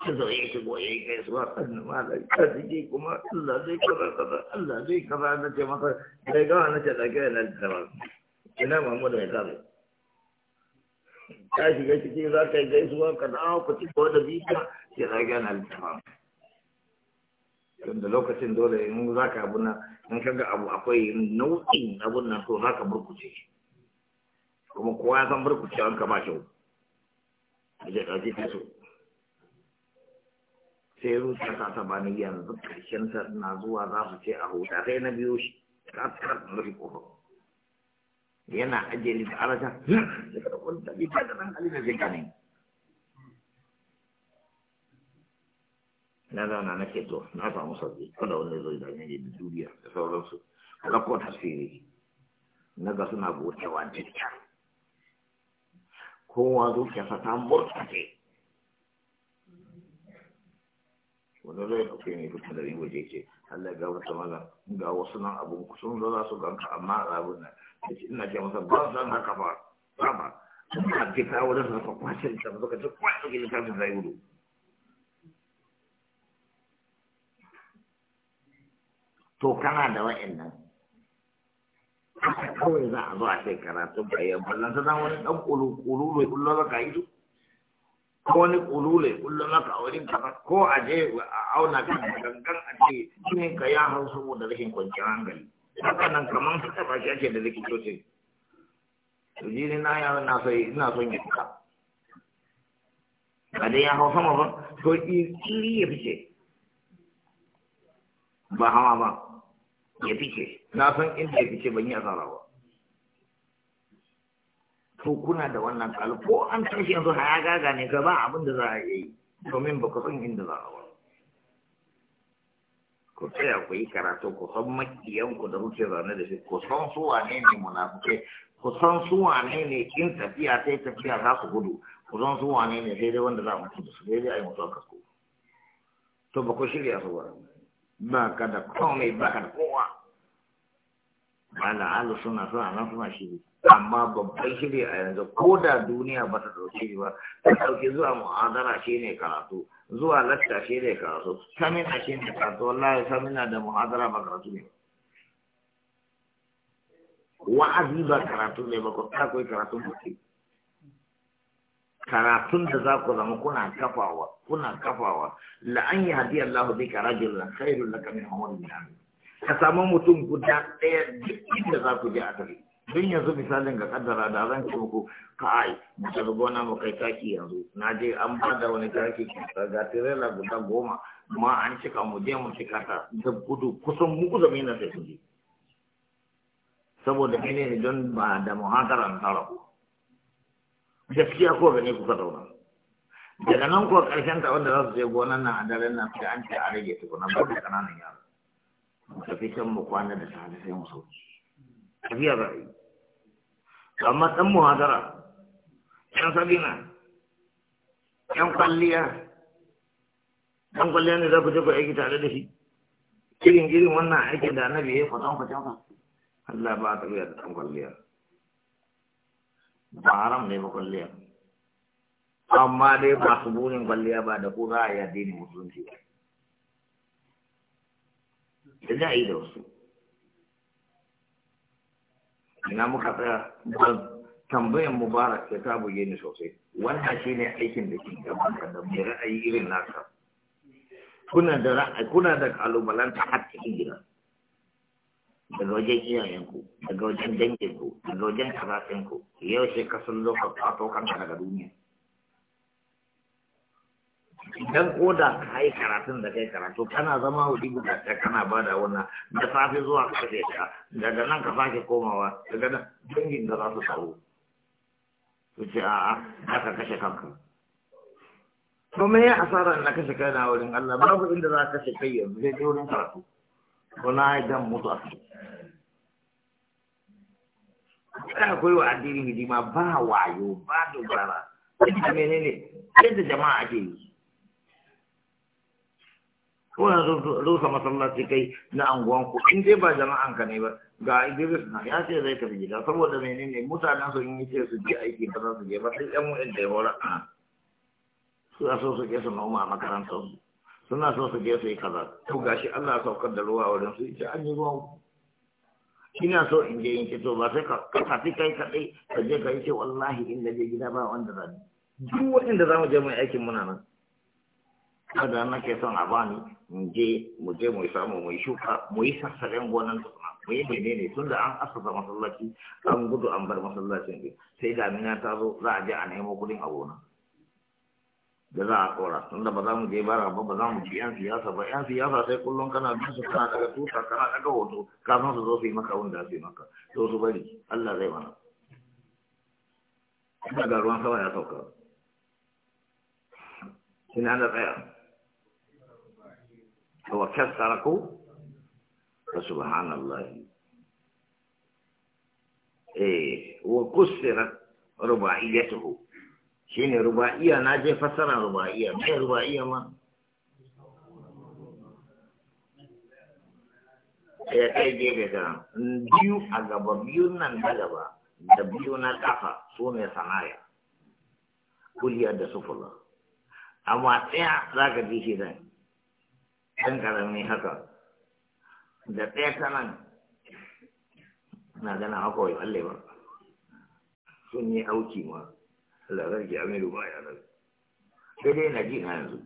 ta zaune shi goye kai su ba ma da ta jike kuma Allah zai kaza kaza Allah zai kaza na ce masa bai gawa na ce ɗage na da ba ina mamu da mai kare ta shiga ciki za ka yi gaisuwa ka dawo ku ci gaba da bita ce zage na da tunda lokacin dole in za ka abu na, in kaga abu akwai nau'in abun nan to za ka burkuce kuma kowa ya san burkuce an ka ba kyau a je ɗauki so sai zuciya ta taba bani yanzu karshen ta na zuwa za su ce a huta sai na biyo shi ta tsara mafi ƙofa yana ajiye da alaja da karɓar da ita da nan alifin zai na zauna na ke to na samu sauki kada wanda zo da ne da duniya da sauransu kuma ko tafsiri na ga suna gocewa dukkan kowa zuciya sa ta ce wanda zai ɗauke ne fita da ringo je ce Allah ga wata maza ga wasu nan abu sun zo za su ganka amma a rabin na. ina ce masa ba san haka ba ba ba sun ka fita suna kwakwacin ka kwashe littafin ka ce kwashe littafin zai wudu to kana da wa'annan haka kawai za a zo a kai karatu ba ballon, ta na wani dan kulu, kululu ka yi ido ko wani kululu kullu maka a wurin kaza ko a je a auna kan gangan a ce shine ka ya hau da rashin kwanciyar hankali haka nan kamar su taba shi ake da likitocin to ji na ya na so ina son yi fita ba dai ya hau sama ba to eh, iri ya fice ba hawa ba ya fice na san inda ya fice ban yi asara ba to kuna da wannan kalu ko an tashi yanzu haya gaga ne ga ba abin da za a yi domin ba ku san inda za a ba ku tsaya ku yi karatu ku san ku da kuke zaune da shi ku san su wane ne munafukai ku san su wane ne in tafiya sai tafiya za ku gudu ku san su wane ne sai dai wanda za a mutu da su sai dai a yi mutu a kasko to ba ku shirya su ba ba ka da komai ba ka da kowa wala alu suna suna nan suna shiri amma babban shiri a yanzu ko da duniya ba ta ɗauke ba ta ɗauki zuwa mu'adara shi ne karatu zuwa lakta shi ne karatu samina shi ne karatu wallahi samina da mu'adara ba karatu ne wa'azi ba karatu ne ba ko ta koyi karatu mutum karatun da za ku zama kuna kafawa kuna kafawa la an yi hadiya Allah bika rajulan bin ka samu mutum guda ɗaya duk inda za ku je a tafi don yanzu misalin ga kaddara da zan ce muku ka ai gona mu kai taki yanzu na je an ba da wani taki ga tirela guda goma ma an cika mu je mu cika ta da gudu kusan mu zama yana da kuje saboda ne don ba da muhadaran tarafu gaskiya ko gane kuka zauna daga nan ko karshen ta wanda za su je gonan nan a daren nan sai an ce a rage tukuna ba da kananan yaro mu tafi can mu kwana da safe sai mu sauki tafiya za a yi amma ɗan muhadara yan sabina yan kwalliya ɗan kwalliya ne za ku je ku aiki tare da shi irin irin wannan aikin da annabi ya yi kwatan kwatan Allah ba ta biya da ɗan kwalliya ba haram ne ba kwalliya amma dai ba su bunin kwalliya ba da kura za a mutunci ba da za a yi da wasu ina muka tsaya tambayan mubarak ya ta buge ni sosai wannan shi ne aikin da ke gabata da mai ra'ayi irin nasa kuna da ra'ayi kuna da kalubalanta har cikin gida daga wajen iyayenku daga wajen danginku daga wajen karatunku, yau sai ka sun zo ka kwato kanka daga duniya idan ko ka yi karatun da kai karatu kana zama hudu guda ta kana ba da wannan da safe zuwa karfe ta daga nan ka sake komawa daga nan dangin da za su taru. su ce a'a za ka kashe kanka to me ya asarar na kashe kai na wurin Allah babu inda za ka kashe kai yanzu sai wurin karatu ko na zan mutu a kai akwai wa addini hidima ba wayo ba dogara yadda menene yadda jama'a ake yi ko yanzu rusa masallaci kai na anguwan in dai ba jama'an ka ne ba ga Idris na ya ce zai tafi gida saboda menene mutanen su in yi ce su aiki ba za ba sai yan mu'in da ya horar su a so su je su noma makarantar su suna so su je su yi kaza to gashi Allah ya saukar da ruwa wurin su ce an yi ruwan kina so in je in ce to ba sai ka tafi kai kaɗai ka je ka yi ce wallahi in da je gida ba wanda zan duk wanda za mu je mu aikin muna nan kada ke son a bani mu je mu je mu samu mu shuka mu yi sassaren gonan kuma mu yi menene tun da an asasa masallaci an gudu an bar masallacin sai damina ta zo za a je a nemo kudin a gona da za a tsora tunda ba za mu je bara ba ba za mu ci yan siyasa ba yan siyasa sai kullum kana bin su kana daga tuta kana daga hoto kafin su zo su yi maka abin da su yi maka to su bari Allah zai mana daga ruwan sama ya sauka ina da tsaya wa kasara ko fa subhanallahi eh wa kusirat rubaiyatuhu shi ne ruba'iya na je fassara ruba'iya mai ruba'iya ma ya kai gefe ga biyu a gaba biyu nan na gaba da biyu na kafa su ne sanaya kuliya da sufula amma tsaya za ka ji shi nan ɗan ƙarami haka da tsaya ta nan na gana haka wai balle ba sun yi auki ma Allah zan ji Aminu ba ya nan sai dai na ji na yanzu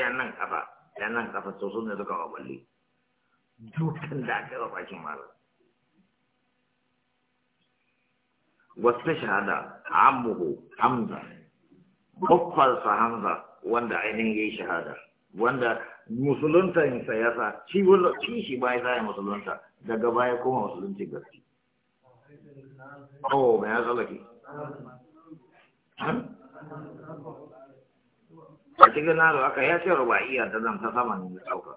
yan nan kafa yan nan kafa to sun ne suka wa balle Dukkan da aka wa bakin mara. wasu shahada amuhu hamza bakwarsa hamza wanda ainihin ya yi shahada wanda musuluntansa ya sa ci shi ba ya sa musulunta daga baya kuma musulunci gaske. Oh, mai ya tsallake. a cikin naro aka ya ce ruba iya ta zan ta sama ne ɗauka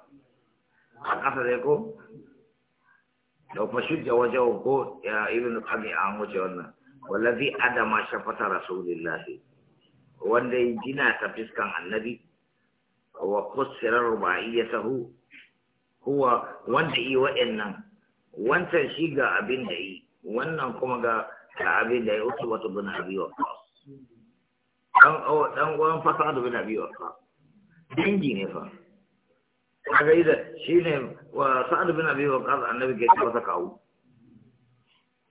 a ƙasa dai ko da kuma shujja waje ko ya ibn kami an wuce wannan wallazi adama shafata rasulillahi wanda ya gina ta fiskan annabi wa ta rubaiyatahu huwa wanda yi waɗannan wancan shi ga abin da yi wannan kuma ga abin da ya usu wata bin abi wa dan uwan fasa da bin abi waqas dangi ne fa kaga ida shine wa sa'ad bin abi waqas annabi ke cewa ta kawo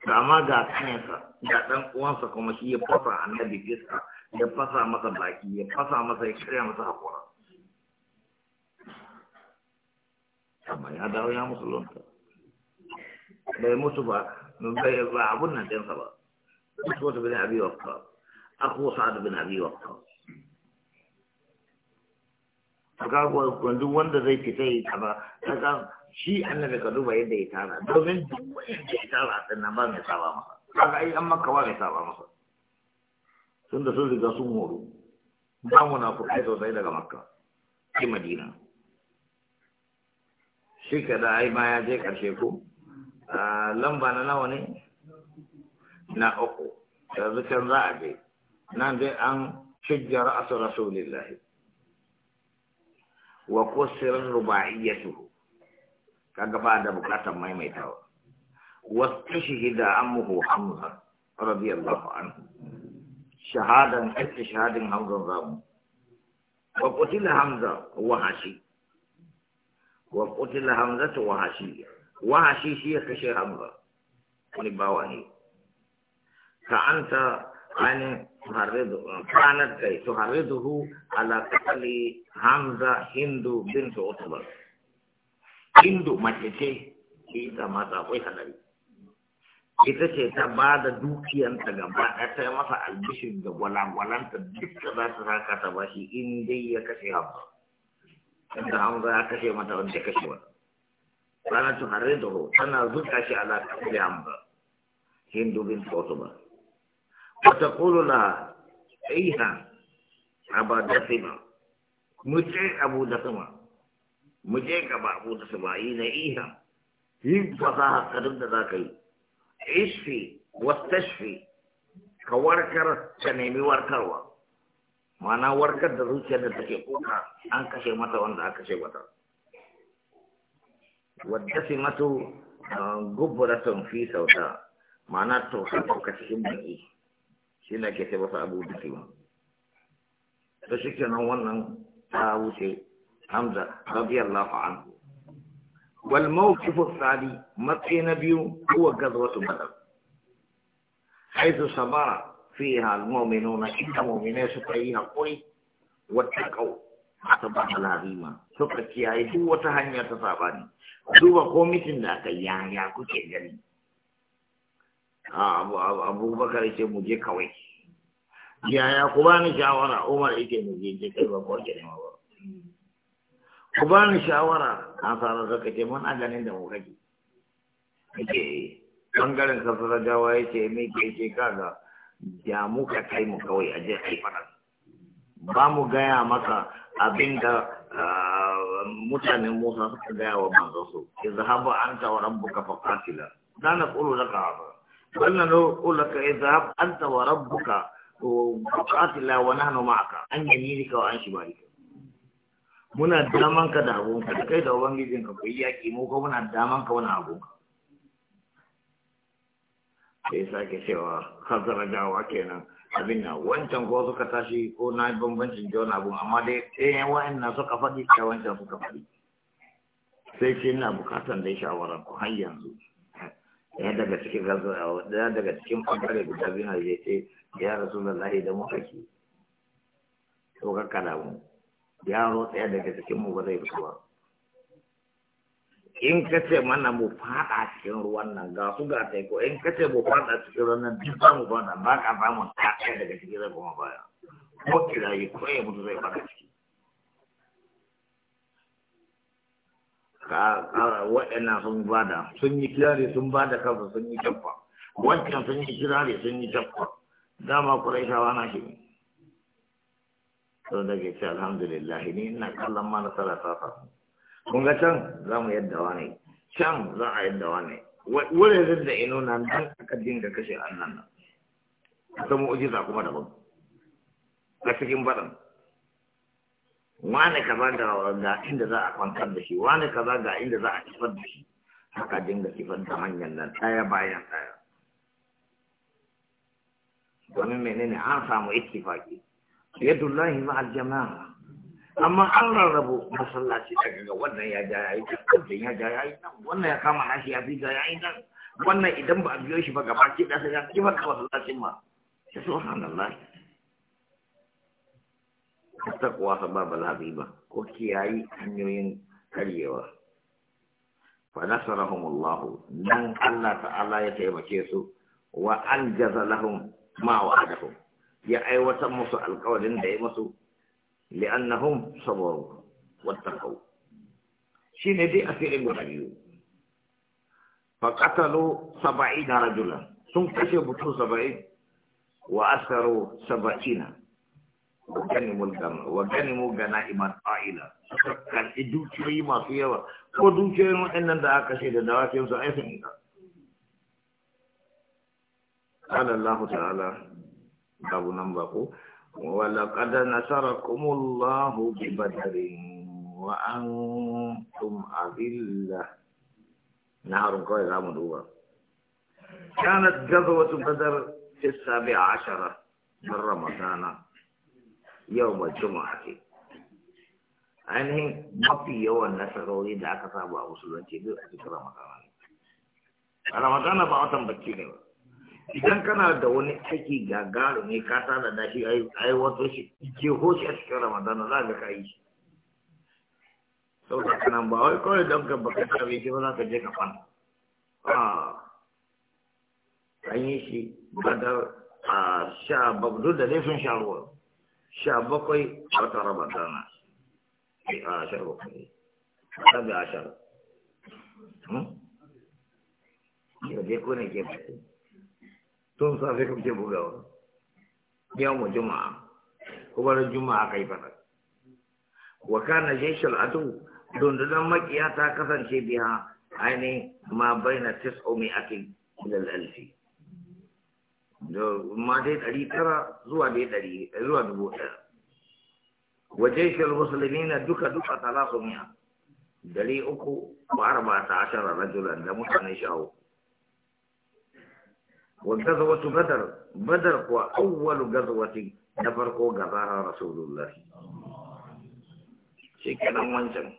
amma ga kansa ga dan uwansa kuma shi ya fasa annabi kisa ya fasa masa baki ya fasa masa ya shirya masa hakura amma ya dawo ya lonta bai mutu ba bai abun nan ɗinsa ba mutu wata bin abi waqas أخو سعد A أبي وقاص kaga wanda wanda zai fita yi ta ba kaga shi annabi ka duba yadda ya tara domin duk wanda ya tara a tsanna ba mai saba masa kaga ai an maka wa mai saba masa sun da riga sun horo ba mu na kuɗi sosai daga makka ai madina shi ka da ai ya je ƙarshe ko lamba na nawa ne na uku a nan dai an hujja ra'asu rasulillahi wa kusirin ruba'iyyatuhu Ka ba da bukatan maimaitawa wasu shahida ammuhu hamza radiyallahu anhu shahadan ita shahadin hamza zamu wa qutila hamza wa hashi wa qutila hamza wa hashi wa hashi shi ya kashe hamza wani bawa ne ka anta عن تعرضه كانت كي تعرضه على قتل حمزة هند بنت عتبة هند مكتي إذا ما تقوي هذا ita ce ta ba da dukiyanta ga ɗaya ta yi masa albishin ga gwalangwalanta duka za ta saka ta ba shi in dai ya hamza ya kashe mata wanda ya kashe wata ranar tuhare ho tana zuka shi hindu وتقول لها ايها أبا دسمة مجيء أبو دسمة مجيء أبا أبو دسمة إذا yin fasaha kadin da za ka yi ishfi wastashfi ka warkar ka nemi warkarwa mana warkar da zuciyar da take kuka an kashe mata wanda aka kashe mata wadda si mato guburatun fi shi na ke masa abu ba to shi kenan wannan ta wuce hamza radiyallahu anhu wal mawqif ath-thani matsayi na biyu huwa gazwatu badr haythu sabara fiha al-mu'minuna inda mu'minai suka yi hakuri wa taqaw asaba al-harima suka kiyaye duk wata hanya ta sabani duba ko mitin da aka yi yaya kuke gani abubakar ce mu je kawai yaya ku ba ni shawara umar yake mu je je kai ba ko ke nema ba ku ba ni shawara an fara zaka ce mun ganin da mu kake kake bangaren kafara dawa yace me ke ce kaga da muka kai mu kawai a je kai fara ba mu gaya maka abinda ah, mutanen Musa suka gaya wa manzo su izhaba anta wa rabbuka faqatila dana qulu laka wannan ulaka idhab anta wa rabbuka la wa nahnu ma'aka an yaminka wa an bari muna daman ka da abun ka kai da ubangijin ka kai yaki mu ko muna daman ka wani abun sai sake cewa hazara dawa kenan abin nan wancan ko suka tashi ko na bambancin jona abun amma dai ɗayan wa'annan suka faɗi ɗayan wancan suka faɗi sai ce ina bukatan dai shawarar ku har yanzu ya daga cikin gazawa ya daga cikin bangare guda biyu na ya ce ya rasu da lahi da mu kake to ka kada mu yaro ɗaya daga cikin mu ba zai fito ba in ka ce mana mu fada cikin ruwan nan ga su ga ko in ka ce mu fada cikin ruwan nan duk ba mu fada ba ka ba mu ta daga cikin zai kuma baya ko kira yi ko ya mutu zai fada ciki waɗannan sun bada sun yi kirare sun bada kansa sun yi jaffa wancan sun yi kirare sun yi jaffa dama kuraishawa na shi sun da ke ce alhamdulillah ni ina kallon ma nasara ta samu kun ga can za mu yadda wani can za a yadda wani wurin da ino na nan aka dinga kashe annan nan ta mu'ujiza kuma daban a cikin baɗin. wani kaza ga ga inda za a kwantar da shi wani kaza ga inda za a kifar da shi haka dinga kifar da hanyar nan ɗaya bayan ɗaya domin menene an samu ittifaki yadullahi ma aljama'a amma an rarrabu masallaci daga ga wannan ya ja yayi wannan ya ja yayi nan wannan ya kama nashi ya fi ja yayi nan wannan idan ba a biyo shi ba gaba ki da sai ya kifar da masallacin ma subhanallah takwa sama balami ba ko kiyayi hanyoyin karyewa fa nasarahum Allah nan Allah ta'ala ya taimake su wa anjaza lahum ma wa'adahu ya aiwatar musu alƙawarin da ya musu li'annahum sabaru wattaqu ne dai a cikin gudanu fa qatalu 70 rajulan sun kashe butu 70 wa asaru 70 وجنموا الدم وجنموا جنائم العائلة كان يدو شيء ما فيها ودو شيء ما إن ده أكشيد ده أكيم زعيم قال الله تعالى باب نمبر ولقد نصركم الله ببدر وأنتم أذلة نهار قوي غام دوا كانت غزوة بدر في السابعة عشرة من رمضان yau mai a ce ainihin mafi yawan nasarori da aka samu a musulunci duk a cikin ramadana ne a ramadana ba watan bacci ne ba idan kana da wani aiki ne ka tana da shi wato shi ke hoshi a cikin ramadana za ka yi shi saboda kanan ba wai kawai don ka baka ci shi ba za ka je ka fana an yi shi ba a sha babdu da laifin sha sha bakwai a wata dana eh, a sha bakwai a da ashar hmm? yau dai ko ne ke fasi tun safe kuma ke bugawa yau mu juma'a kuma ran juma'a kai fada wa kana jaishal adu dundunan makiya ta kasance biya ainihin ma na tis'u mi'atin ake ilal alfi ma dai ɗari tara zuwa dai ɗari eh, zuwa dubu ɗaya waje shal musulmi na duka duka talasu miya dari uku ba arba ta ashara rajulan da mutane sha uku wa gazawatu badar badar kuwa awwalu gazawati da farko gazaha rasulullah shi kenan wancan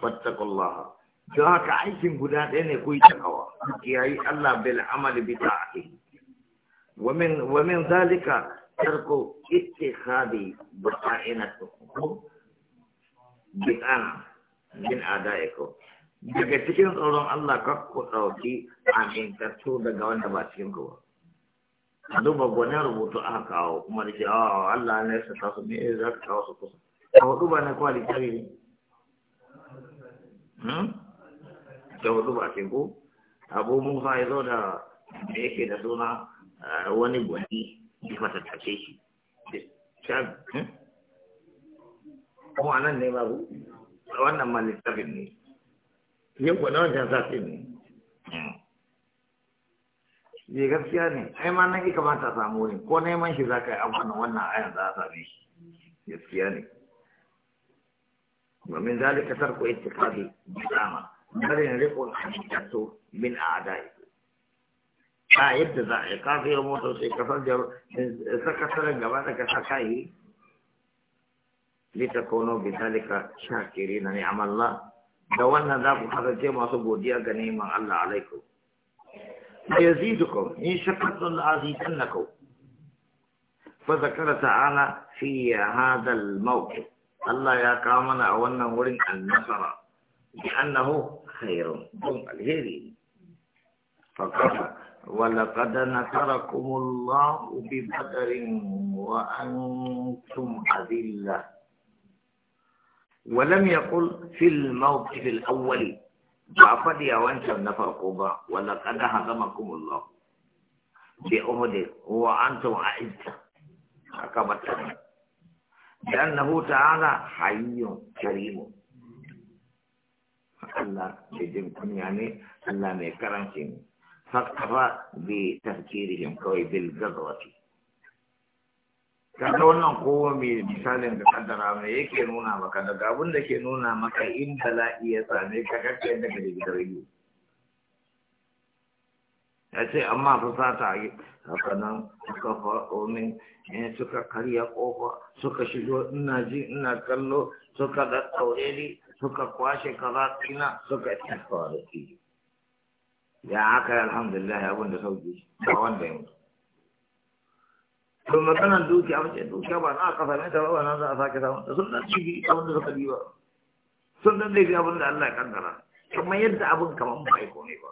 fattakullah don haka aikin guda ɗaya ne ku yi takawa ya yi Allah bil amali bi ta'ati ومن ومن ذلك ترك اتخاذ بطائن الحكم بدعة من أدائكم daga cikin tsoron Allah ka ku ɗauki amintattu daga wanda ba cikin ku Duba gwanin rubutu aka kawo kuma da ke ah, Allah ne su tasu ne za ka kawo su kusa. A hudu ba na kwali kare ne? Da hmm? hudu ba cikin ku? Abu Musa ya zo da me yake da suna wani gwani ya matattake shi hmm? kuma nan ne babu wannan ma littafin ne yin gwana wancan sati ne hmm. ne gaskiya ne ai ma nan ika mata samu ne ko neman shi za ka yi abubuwan wannan ayan za a same shi gaskiya ne ومن ذلك ترك اتخاذ بدعة بل رق حقيقته من أعدائه ba yadda za a yi kafin yau motar sai kasar da sakasarar gaba da kasa kayi lita kono bi zalika shakiri na ni'amallah da wannan za ku kasance masu godiya ga neman Allah alaikum يزيدكم إن شكرتم لأزيدنكم فذكر تعالى في هذا الموقف الله يا كامنا أولنا ورن النصر لأنه خير دون الهيري فقال ولقد نصركم الله ببدر وأنتم أذلة ولم يقل في الموقف الأول بعفد يا وانشا نفرقوا ولقد هزمكم الله بأهد وأنتم أعزة عقبة لأنه تعالى حي كريم الله أن يعني الله ميكرم سيني فاقتفى بتفكيرهم كوي بالقضوة kaga wannan kowa mai misalin da kaddara mai yake nuna maka daga abin da ke nuna maka in bala'i ya same ka kake da gari da rayu ya ce amma fa sata a haka nan suka faɗo min in eh, suka karya ƙofa suka shigo ina ji ina kallo suka ɗaɗɗaure ni suka kwashe kaza ina suka ci kawai ya aka alhamdulillah abin da sauki ba wanda ya mutu to maganar a mace duki ba na kafa mai ta ba na za a sake samun da sun dan ciki abin da suka ba. sun dan dai abin da Allah ya kankara. Kuma yadda abin kamar ba yi kome ba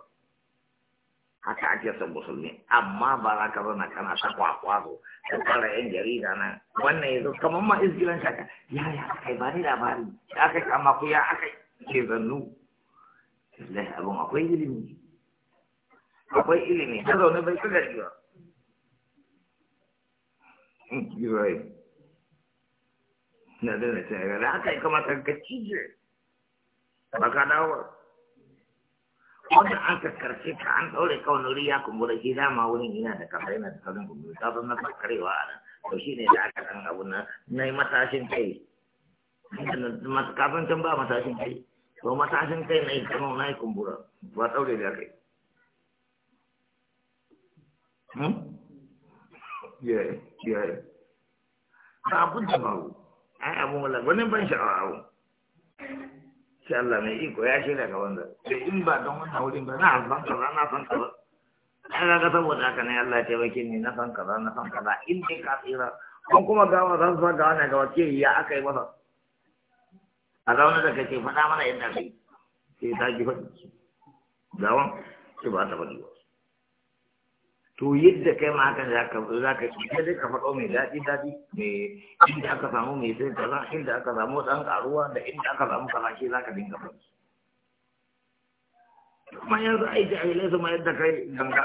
haka ake son musulmi amma ba za ka zana kana ta ko ta fara yan jarida nan wannan yanzu kamar ma izgilan shaka ya ya kai ba ni labari ya kai kama ku ya aka ke zannu lalle abin akwai ilimi akwai ilimi ta zaune bai ka gari ba Ibrahim na dana ta yara da haka ya kamata ka cije ba ka dawo wanda an karkarce ka an ɗaure ka wani riya kumbura shi dama wurin ina da kafa yana da kalin kumbura ta zama karkarewa a nan to shi ne da aka ɗan abu na na yi matashin kai kafin can ba matashin kai to matashin kai na yi kano na yi kumbura ba ɗaure da kai ya ya ta abun da bawo ai abun wala wani ban sha'awa sai Allah mai iko ya shirya ga wanda sai in ba don wannan wurin ba na san kaza na san kaza ai na ga saboda haka ne Allah ya taimake ni na san kaza na san kaza in dai ka tsira ko kuma ga wa zan san ga wannan ga wakili ya aka yi masa a zaune da kake faɗa mana yadda kai sai ta ji faɗi gawan sai ba ta faɗi ba to yadda kai ma hakan za ka za ka ci sai ka faɗo mai daɗi daɗi mai inda aka samu mai sai za inda aka samu ɗan ƙaruwa da inda aka samu kaza shi za ka dinga ba kuma yanzu ai jahilai laifin ma yadda kai ganga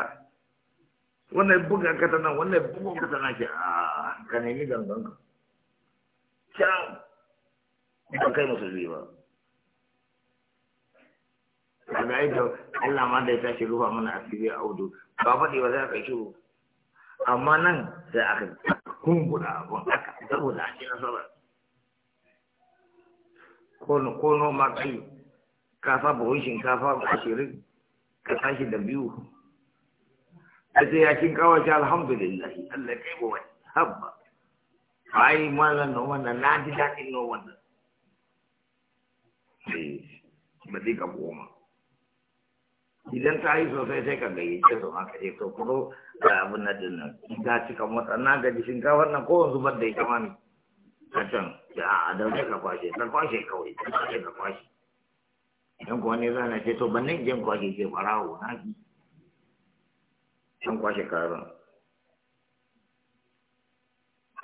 wannan buga ka ta nan wannan buga ka ta nan ke a ka nemi gangan ka can ba kai musulmi ba daga yadda Allah ma da ya tashi rufa mana asiri a audu ba faɗi ba za ka yi shiru amma nan sai aka kumbura abun aka saboda ake nasara ko noma kai ka sa buhun shinkafa ashirin ka tashi da biyu a ce ya shinkawa shi alhamdulillah Allah kai ba wani habba ai mazan noman nan na ji daɗin noman nan eh, ba zai ka goma idan ta yi sosai sai ka gayyace ce su maka ce to kuro da abin na din nan in ta cika motsa na gaji shinkafar nan ko wanzu bar da ita mami a can da a dauke ka kwashe ka kwashe kawai ka kwashe ka kwashe idan kuwa ne zana ce to ban nan jin kwashe ke farawo na ki can kwashe karan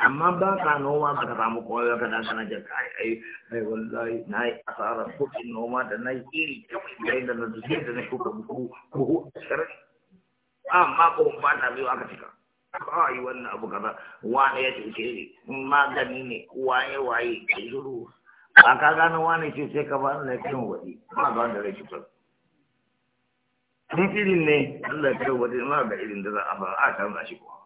amma ba ka noma ba ka samu koyo ka dan sana jin kai ai ai wallahi nayi asara kuɗin noma da nayi iri kai da na duk da na shuka buku buhu ashirin amma ko ba ta biyo aka tika ai wannan abu kaza wani ya tuke ni magani ne waye waye ke zuru ba ka gano wani ce sai ka ba na kin wadi ba ba da rai cutar ni irin ne Allah ya kai wadi ma ga irin da za a fara a canza shi kuma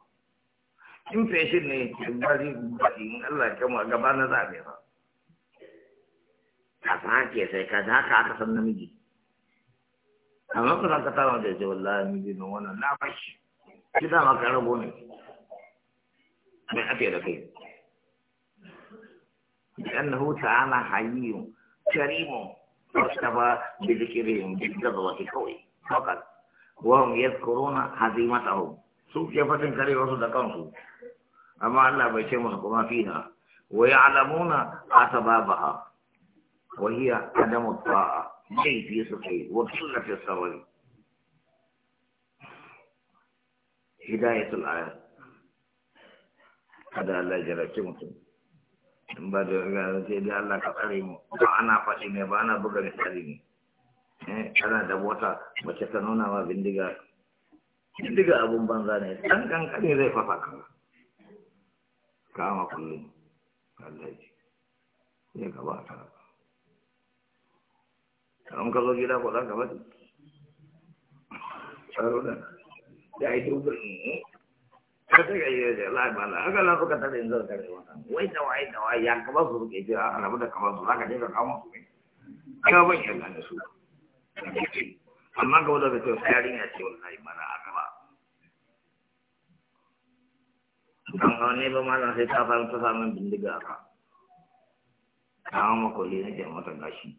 in feshin ne bari bari in Allah ya kama gaba na zabe ba ka ke sai ka za ka aka san namiji amma ku zan tara da ce wallahi miji don wannan na bashi shi dama ka rabo ne mai ake da kai لأنه تعالى حي كريم واصطفى بذكرهم بالقدوة قوي فقط وهم يذكرون هزيمتهم su ya fatin kare wasu da kansu amma Allah bai ce musu kuma fina wa ya'lamuna asbabaha wa hiya adamu ta'a laifi su kai wa kullatu sabri hidayatul ayat kada Allah ya jarabce mutum in ba da ga sai da Allah ka tsare mu ba ana fashi ne ba ana buga misali ne eh ana da wata mace ta nuna ma bindiga diga abun banza ne zai fafa kama kullum kallaji ya ka zo gida ko ka tsaro da ya yi dubin ka ta ga yi da aka wai da wai da wai ya kama su suke jira a rabu da kama su za ka kama su da su amma ga ta yarinya ce wallahi Ang hone ba malam sai ta fahimta samun bindiga ka. Kawo makoli na ke mata gashi.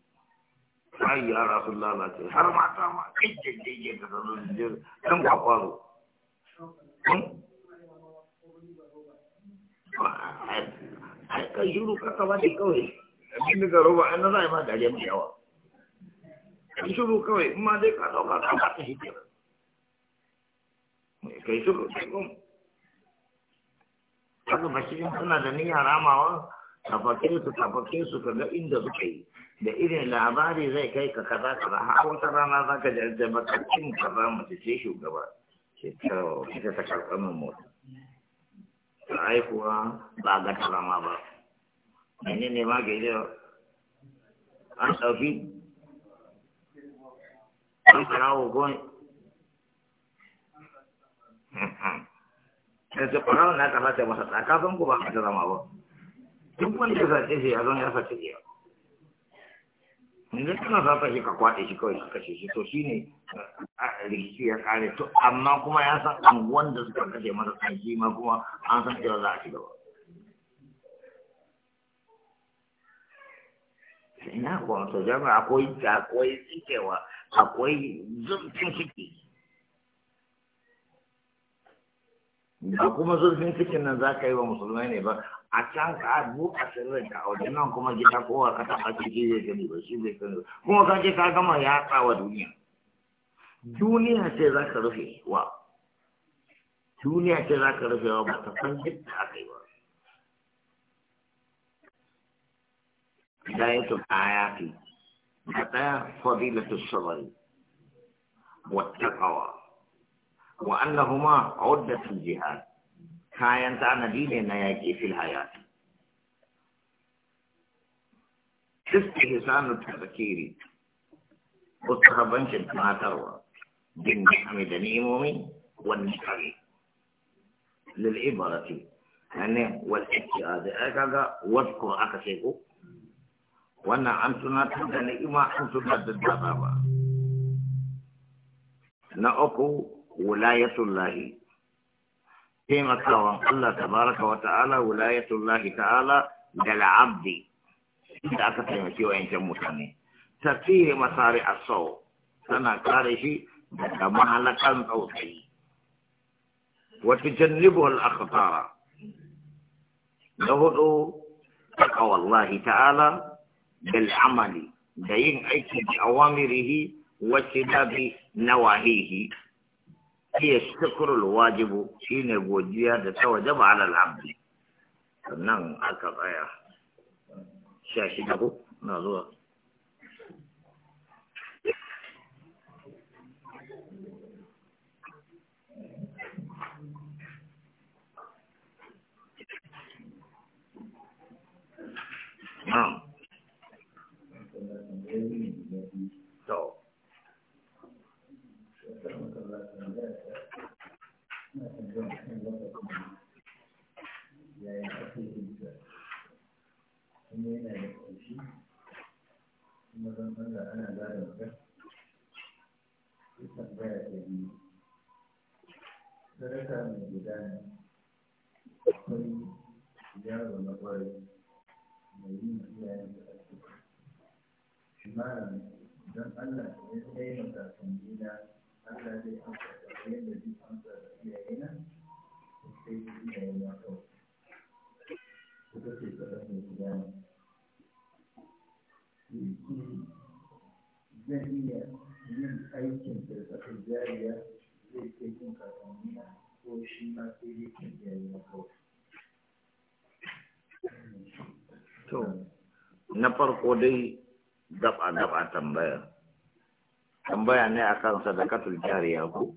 Ai ya Rasulullah ba ce har mata ma kai jejjeje ka zama jir kan kwakwaro. Ai yi shiru ka kaba da kawai. Bindiga roba an na zai ma dariya mai yawa. Kai shiru kawai in ma dai ka dauka ka ba ta shi ke. Kai shiru kai kuma. aka bashi suna da niyyar ramawa tafake su su ka ga inda suka yi da irin labari zai kai ka kaza kaza har wata rana za ka jarje baka cin kaza mace ce shugaba ce to ita ta karɓar min mota ta haihuwa ba ga tarama ba mene ne ma ke yau an ɗauki an karawo goyi hmm, hmm. sai ce kwanar na kamata masa tsaka sun ku ba ka zama ba duk wanda ya sace shi ya zan ya sace shi inda kana sata shi ka kwaɗe shi kawai ka kashe shi to shi ne rikici ya kare to amma kuma ya san an wanda suka kashe masa san shi ma kuma an san cewa za a ci gaba ina kuma to jama'a akwai akwai tsikewa akwai zurfin ciki ba kuma zurfin cikin nan za ka yi wa musulmai ne ba a can ka a sirrin ka a wajen nan kuma gida kowa ka taɓa ake ke zai gani ba shi bai sani kuma ka je ka gama ya tsawa duniya duniya ce za ka rufe wa duniya ce za ka rufe wa ba ta san yadda aka yi ba بداية الآيات بداية فضيلة wata والتقوى وأنهما عدة الجهاد كاين تانا دين نياكي في الحياة استهسان التذكير مستحبان شدنا تروى محمد نيمومي والنعم للعبارة يعني والاتشاد أكذا واذكر أكسيكو وانا عمتنا تدني إما أنتنا تدني نأكو ولاية الله كما قال الله تبارك وتعالى ولاية الله تعالى للعبد إذا أكتنا كيو أنت مكاني تطير مصارع الصو سنة كارشي بك مهلكا أوتي وتجنبه الأخطار نهد تقوى الله تعالى بالعمل دين أيكي أوامره واجتناب نواهيه hiya shukrul wajibu shine godiya da ta wajaba ala al sannan aka tsaya sha shida ko na zuwa Wow. kuma yana ana gadon ka sai biyu mai akwai yaro mai da ake shi malam don Allah ya taimaka kan gida Allah zai amsa da yadda zai da iyayena sai iyayen na kawai suka mai zai iya yin aikin da zaka jariya ko shi ma dai jariya na farko dai daba tambaya tambaya ne akan sadakatul jariya ko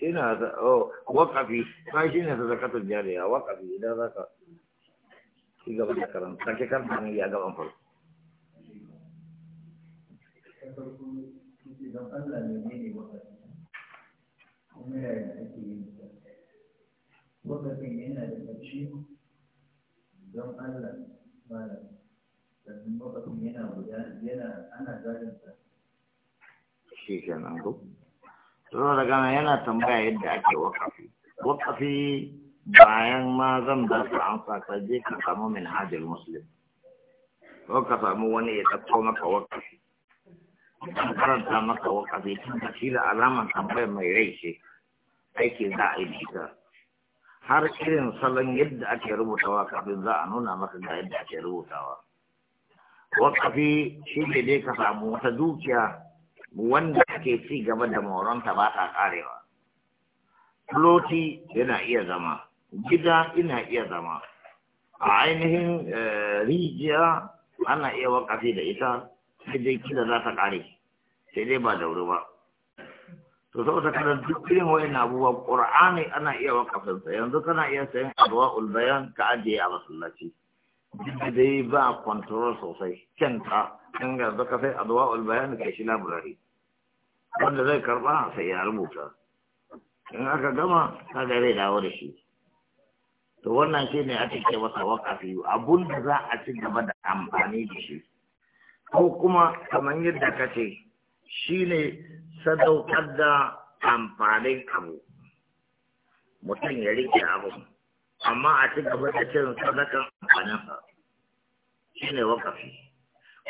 shi na oh wakafi shi ne sadakatul jariya wakafi idan zaka shi gaba da karanta sake karanta yana da don Allah malam sannan wakafin yana guda yana ana zalinta shi kenan ko zuwa daga yana tambaya yadda ake wakafi wakafi bayan ma zan ba su amsa ka je ka samu min hajjar musulun ko ka samu wani ya ɗauko maka wakafi don karanta maka wakafi tun ka shi da alaman tambayar mai rai ce aiki za a yi bita har irin salon yadda ake rubutawa kafin za a nuna maka ga yadda ake rubutawa wakafi shi ne dai ka samu wata dukiya wanda ake ci gaba da moronta ba ta karewa Floti yana iya zama gida ina iya zama a ainihin eh, rijiya ana iya wakafi da ita sai dai kila za ta kare sai dai ba da wuri ba to saboda kada duk irin wayan abubuwa ƙur'ani ana iya wakafin sa yanzu kana iya sayan abuwa ulbayan ka ajiye a masallaci duk dai ba control sosai kenta in ga zaka sai abuwa ulbayan ka shi library wanda zai karba sai ya rubuta in aka gama ga zai dawo da shi to wannan shi ne ake ce masa wakafi abun da za a ci gaba da amfani da shi ko kuma kamar yadda ka ce shi ne sadaukar da amfanin abu mutum ya rike abu amma a ci gaba da cin sadakan amfaninsa shi ne wakafi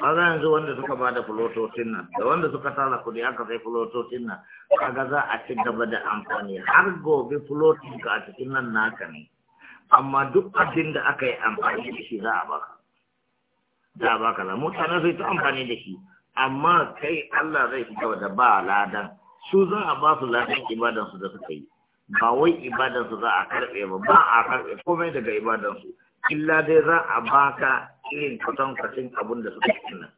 za yanzu wanda suka ba da fulotocin nan da wanda suka tara kudi aka sai fulotocin nan kaga za a ci gaba da amfani har gobe fulotin ka a cikin nan naka ne amma duk abin da aka yi amfani da shi za a baka za a baka da mutane zai ta amfani da shi amma kai Allah zai fi da ba ladan su za a ba su ladan ibadan su da suka yi ba wai ibadan su za a karɓe ba ba a karɓe komai daga ibadan su illa dai za a baka irin kusan kasin abun da suka yi nan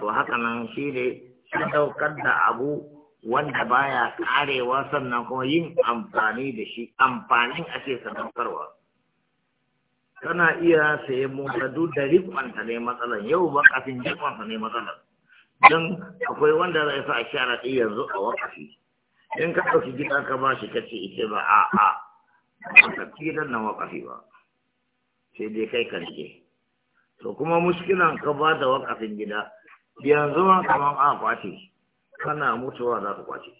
to haka nan shi ne da abu wanda baya karewa sannan kuma yin amfani da shi amfanin ake sadaukarwa kana iya sayan mota duk da rikonta ne matsalar, yau ba kafin ne matsalar. don akwai wanda zai sa a shara ɗi yanzu a wakafi in ka ɗauki gida ka ba shi kace ita ba a a nan wakafi ba sai dai kai ka rike to kuma muskilan ka ba da wakafin gida yanzu ma kamar a kwace kana mutuwa za ta kwace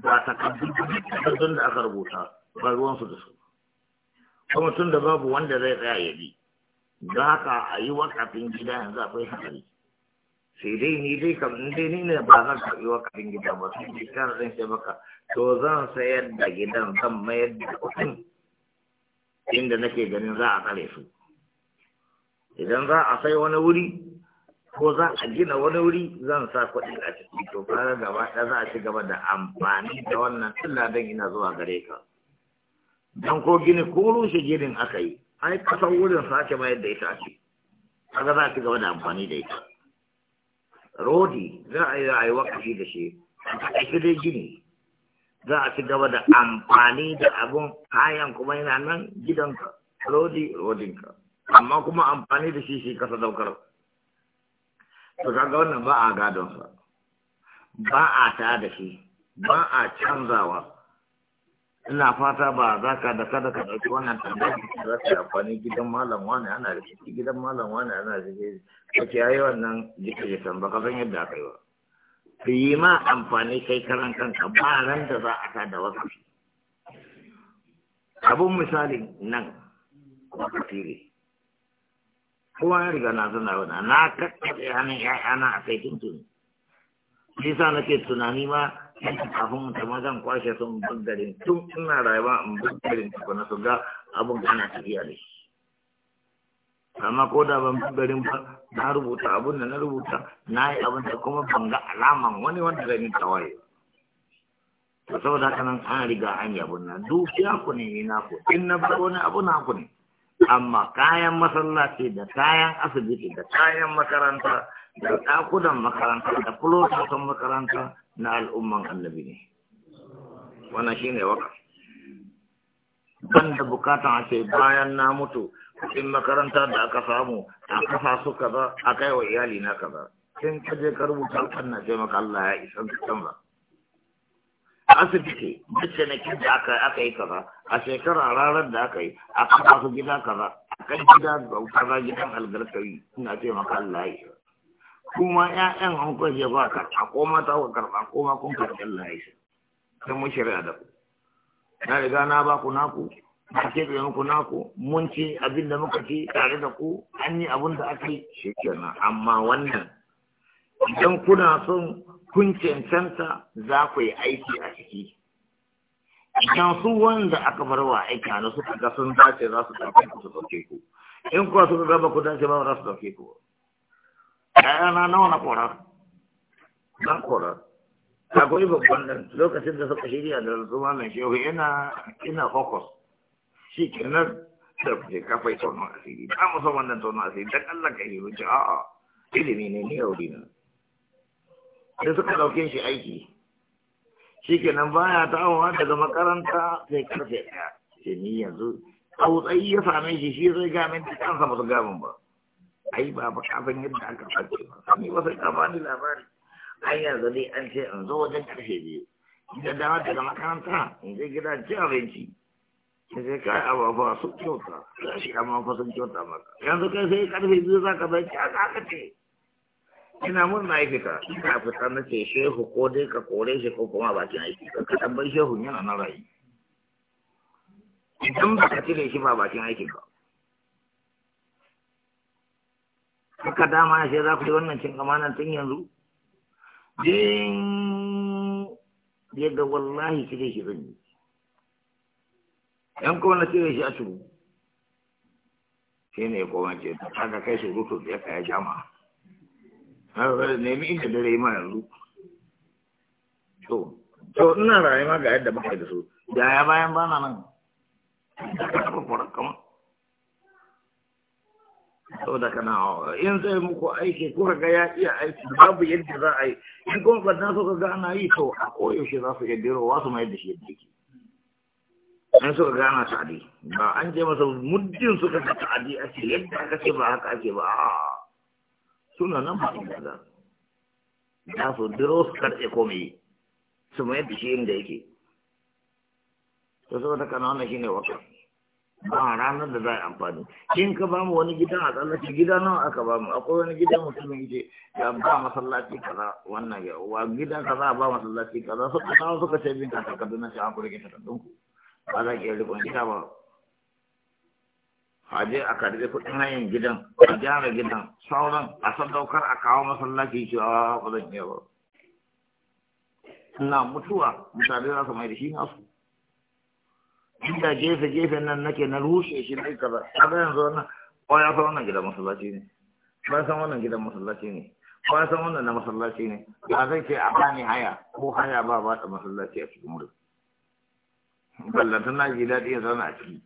ba ta kaddun da aka rubuta ba ruwansu da su kuma tun da babu wanda zai tsaya ya bi don haka a yi wakafin gida yanzu akwai hatsari sai dai ni dai kam in dai ni ne ba zan karɓi wakafin gida ba sai dai kan zan ce maka to zan sayar da gidan zan mayar da kuɗin inda nake ganin za a tsare su idan za a sai wani wuri ko za a gina wani wuri zan sa kuɗi a ciki to fara gaba ɗaya za a ci gaba da amfani da wannan tun ladan ina zuwa gare ka. don ko gini ko rushe ginin aka yi ai kasan wurin sake mayar da ita ce kaga za ki gaba da amfani da ita rodi za a yi za a yi wakafi da shi a shi dai gini za a ci gaba da amfani da abun kayan kuma yana nan gidanka rodi rodinka amma kuma amfani da shi shi kasa daukar to kaga wannan ba a gadonsa ba a ta da shi ba a canzawa ina fata ba za ka da kada ka ɗauki wannan da za ka yi amfani gidan malam wani ana rikici gidan malam wani ana rikici kake yayi wannan jita ba ka san yadda aka yi ba su yi ma amfani kai karan kanka ba ran da za a tada wasu abun misali nan ka fire kowa ya riga na suna wani na kakkaɓe hannun na a kai shi sa nake tunani ma abun da ma zan kwashe sun bangarin tun ina rayuwa in bangarin ku na su ga abun ana tafiya da shi amma ko da ban bangarin ba na rubuta abin da na rubuta na yi abin da kuma ban ga alaman wani wanda zan yi tawaye to saboda haka nan an riga an yi abun nan dukiya ku ne ni na ku in na bar wani abu na ku ne amma kayan masallaci da kayan asibiti da kayan makaranta da ɗakunan makaranta da fulototan makaranta na al'umman annabi ne wannan shi ne waka ban da bukatan a ce bayan na mutu kuɗin makaranta da aka samu a kafa su kaza a kai wa iyali na kaza sun kaje ka rubuta kan na maka Allah ya isa ka san ba asibiti duk cinikin da aka aka yi kaza a shekara ranar da aka yi a kafa su gida kaza a kai gida kaza gidan algarkawi ina ce maka Allah ya isa kuma ƴaƴan an kwaje ba karɓa koma ta ku karɓa koma kun karɓi Allah ya sai mun shirya da ku na riga na ba ku naku na ku muku naku mun ci abin da muka ci tare da ku an yi abin da aka yi shi kenan amma wannan idan kuna son kun cancanta za ku yi aiki a ciki idan su wanda aka bar wa aika na suka ga sun dace za su ɗauke ku su ɗauke ku in kuwa suka ga ba ku dace ba za su ɗauke ku na nawa na kora na kora akwai babban nan lokacin da suka shirya da zuma mai shehu ina ina focus shi kenan da kuke kafai tono asiri ba mu san wannan tono asiri dan Allah ka yi wuce a'a ilimi ne ni aure na da suka dauke shi aiki shi kenan baya tawowa daga makaranta sai karfe daya, sai ni yanzu tsautsayi ya same shi shi zai gamin da kansa masu gamin ba ai ba ba kafin yadda aka fadi ba sani ba sai ka bani labari ai yanzu dai an ce in zo wajen karfe biyu idan dama daga makaranta in je gida ci abinci sai sai kai ba su kyauta sai shi amma fa sun kyauta maka yanzu kai sai karfe biyu za ka bai ci aka aka ce ina murna ya ka? ina fita na ce shehu ko dai ka kore shi ko kuma bakin aiki ka tambayi shehu yana na rayu idan ba ka cire shi ba bakin aikin ka haka dama shi za ku yi wannan cin amana tun yanzu din yadda wallahi cire shi zan yi yan kowanne ce zai shi a shiru. shi ne ya koma ce ta kaga kai su rutu ya kaya jama har nemi inda dare ma yanzu to ina ina rayuwa ga yadda muka da su da ya bayan na nan Ya ka taɓa kwarar kama saboda kana in zai muku aiki kuka ga ya iya aiki babu yadda za a yi in kuma ɓarna suka ga ana yi to a koyaushe za su iya wa su mayar da shi yadda yake in suka gana ta'adi ba an ce masa muddin suka ga ta'adi ake yadda aka ce ba haka ake ba a suna nan ba inda za za su diro su karɓe komai su mayar da shi inda yake to saboda kana wannan shine wakar ba ranar da za a amfani in ka ba mu wani gidan a tsallake gida nawa aka ba mu akwai wani gidan mutumin ce ya ba masallaci kaza wannan ya wa gidan kaza ba masallaci kaza suka kawo suka ce bin kasa kaduna sai an kuri gita ta ku. ba za ki rikon gida ba a je a karbi kuɗin hanyar gidan a gyara gidan sauran a sadaukar a kawo masallaci shi a ba zan iya ba Na mutuwa mutane za su mai da shi nasu inda gefe gefen nan nake na rushe shi na kaza kaga yanzu wannan ko ya san wannan gidan masallaci ne ba san wannan gidan masallaci ne ba san wannan na masallaci ne ba zai ce a bani haya ko haya ba ba da masallaci a cikin wurin ballanta na ji daɗi ya zauna a ciki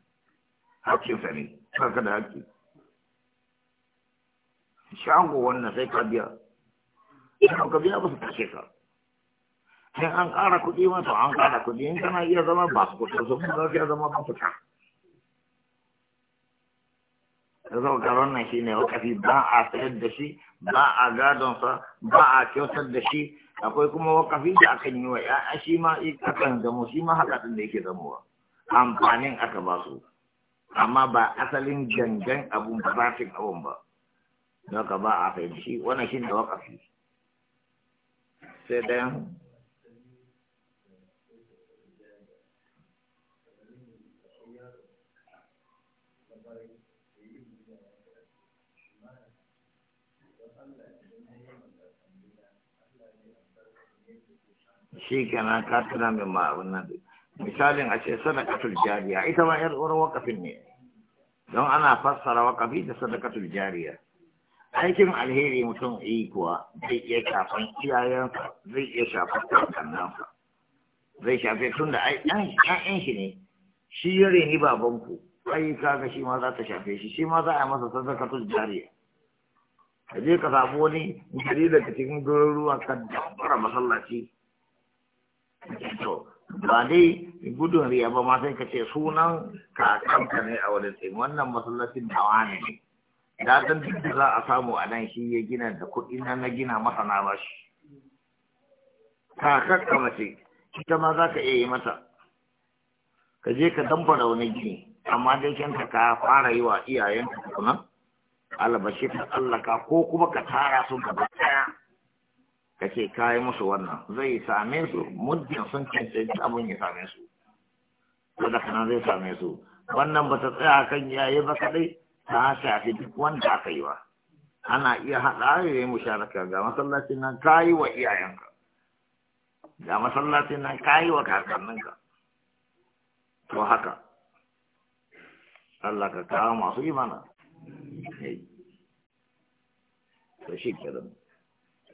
hakkinsa ne sarka da hakki shago wannan sai ka biya ka biya ba su kashe ka sai an ƙara kuɗi ma to an ƙara kuɗi in kana iya zama ba su kuɗi su kuma iya zama ba su ta zau garon nan ne wakafi ba a sayar da shi ba a gadon sa ba a kyautar da shi akwai kuma wakafi da akan yi wa ya'ya shi ma akan zamo shi ma haɗaɗin da yake zamowa amfanin aka ba su amma ba asalin gangan abun ba zafin abun ba don ka ba a fahimci da shi wannan wakafi sai ɗayan shi kenan ka tuna min ma abin nan misalin a ce sadakatul jariya ita ma yar uwar wakafin ne don ana fassara wakafi da sadakatul jariya aikin alheri mutum yi kuwa zai iya shafan iyayensa zai iya shafan kakannansa zai shafe tun da ƴaƴan shi ne shi ya reni babanku ai kaga shi ma za ta shafe shi shi ma za a masa sadakatul jariya ka je ka samu wani gari daga cikin ruwa ka dambara masallaci to ba dai gudun riya ba ma sai ka ce sunan kakanka ne a wurin tsaye wannan masallacin dawa ne ne da dan duk da za a samu a nan shi ya gina da kuɗi na na gina masa na ba shi kakanka mace ita ma za ka iya yi mata ka je ka damfara wani gini amma dai kyanka ka fara yi wa ka kuma Albashe ka tsallaka ko kuma ka tara sun gaba kake kai musu wannan zai same su muddin sun cancanci abin ya same su saboda kana zai same su wannan ba ta tsaya kan yayi ba kadai ta shafi duk wanda aka yi ba. ana iya haɗa yi musharaka ga masallacin nan kayi wa iyayenka ga masallacin nan kayi wa kakanninka to haka Allah ka kawo masu imana to shi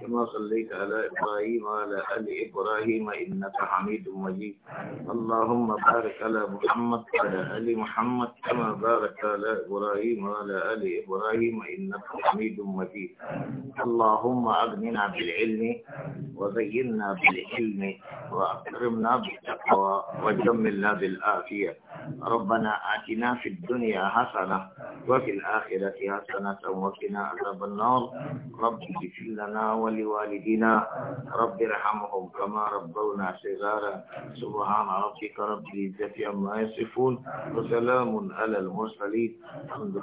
كما صليت على إبراهيم وعلى آل إبراهيم إنك حميد مجيد اللهم بارك على محمد وعلى آل محمد كما بارك على إبراهيم وعلى آل إبراهيم إنك حميد مجيد اللهم أغننا بالعلم وزينا بالعلم وأكرمنا بالتقوى وجملنا بالآفية ربنا آتنا في الدنيا حسنة وفي الآخرة حسنة وقنا عذاب النار رب اغفر لنا لنا ولوالدينا رب ارحمهم كما ربونا صغارا سبحان ربك رب العزة عما يصفون وسلام على المرسلين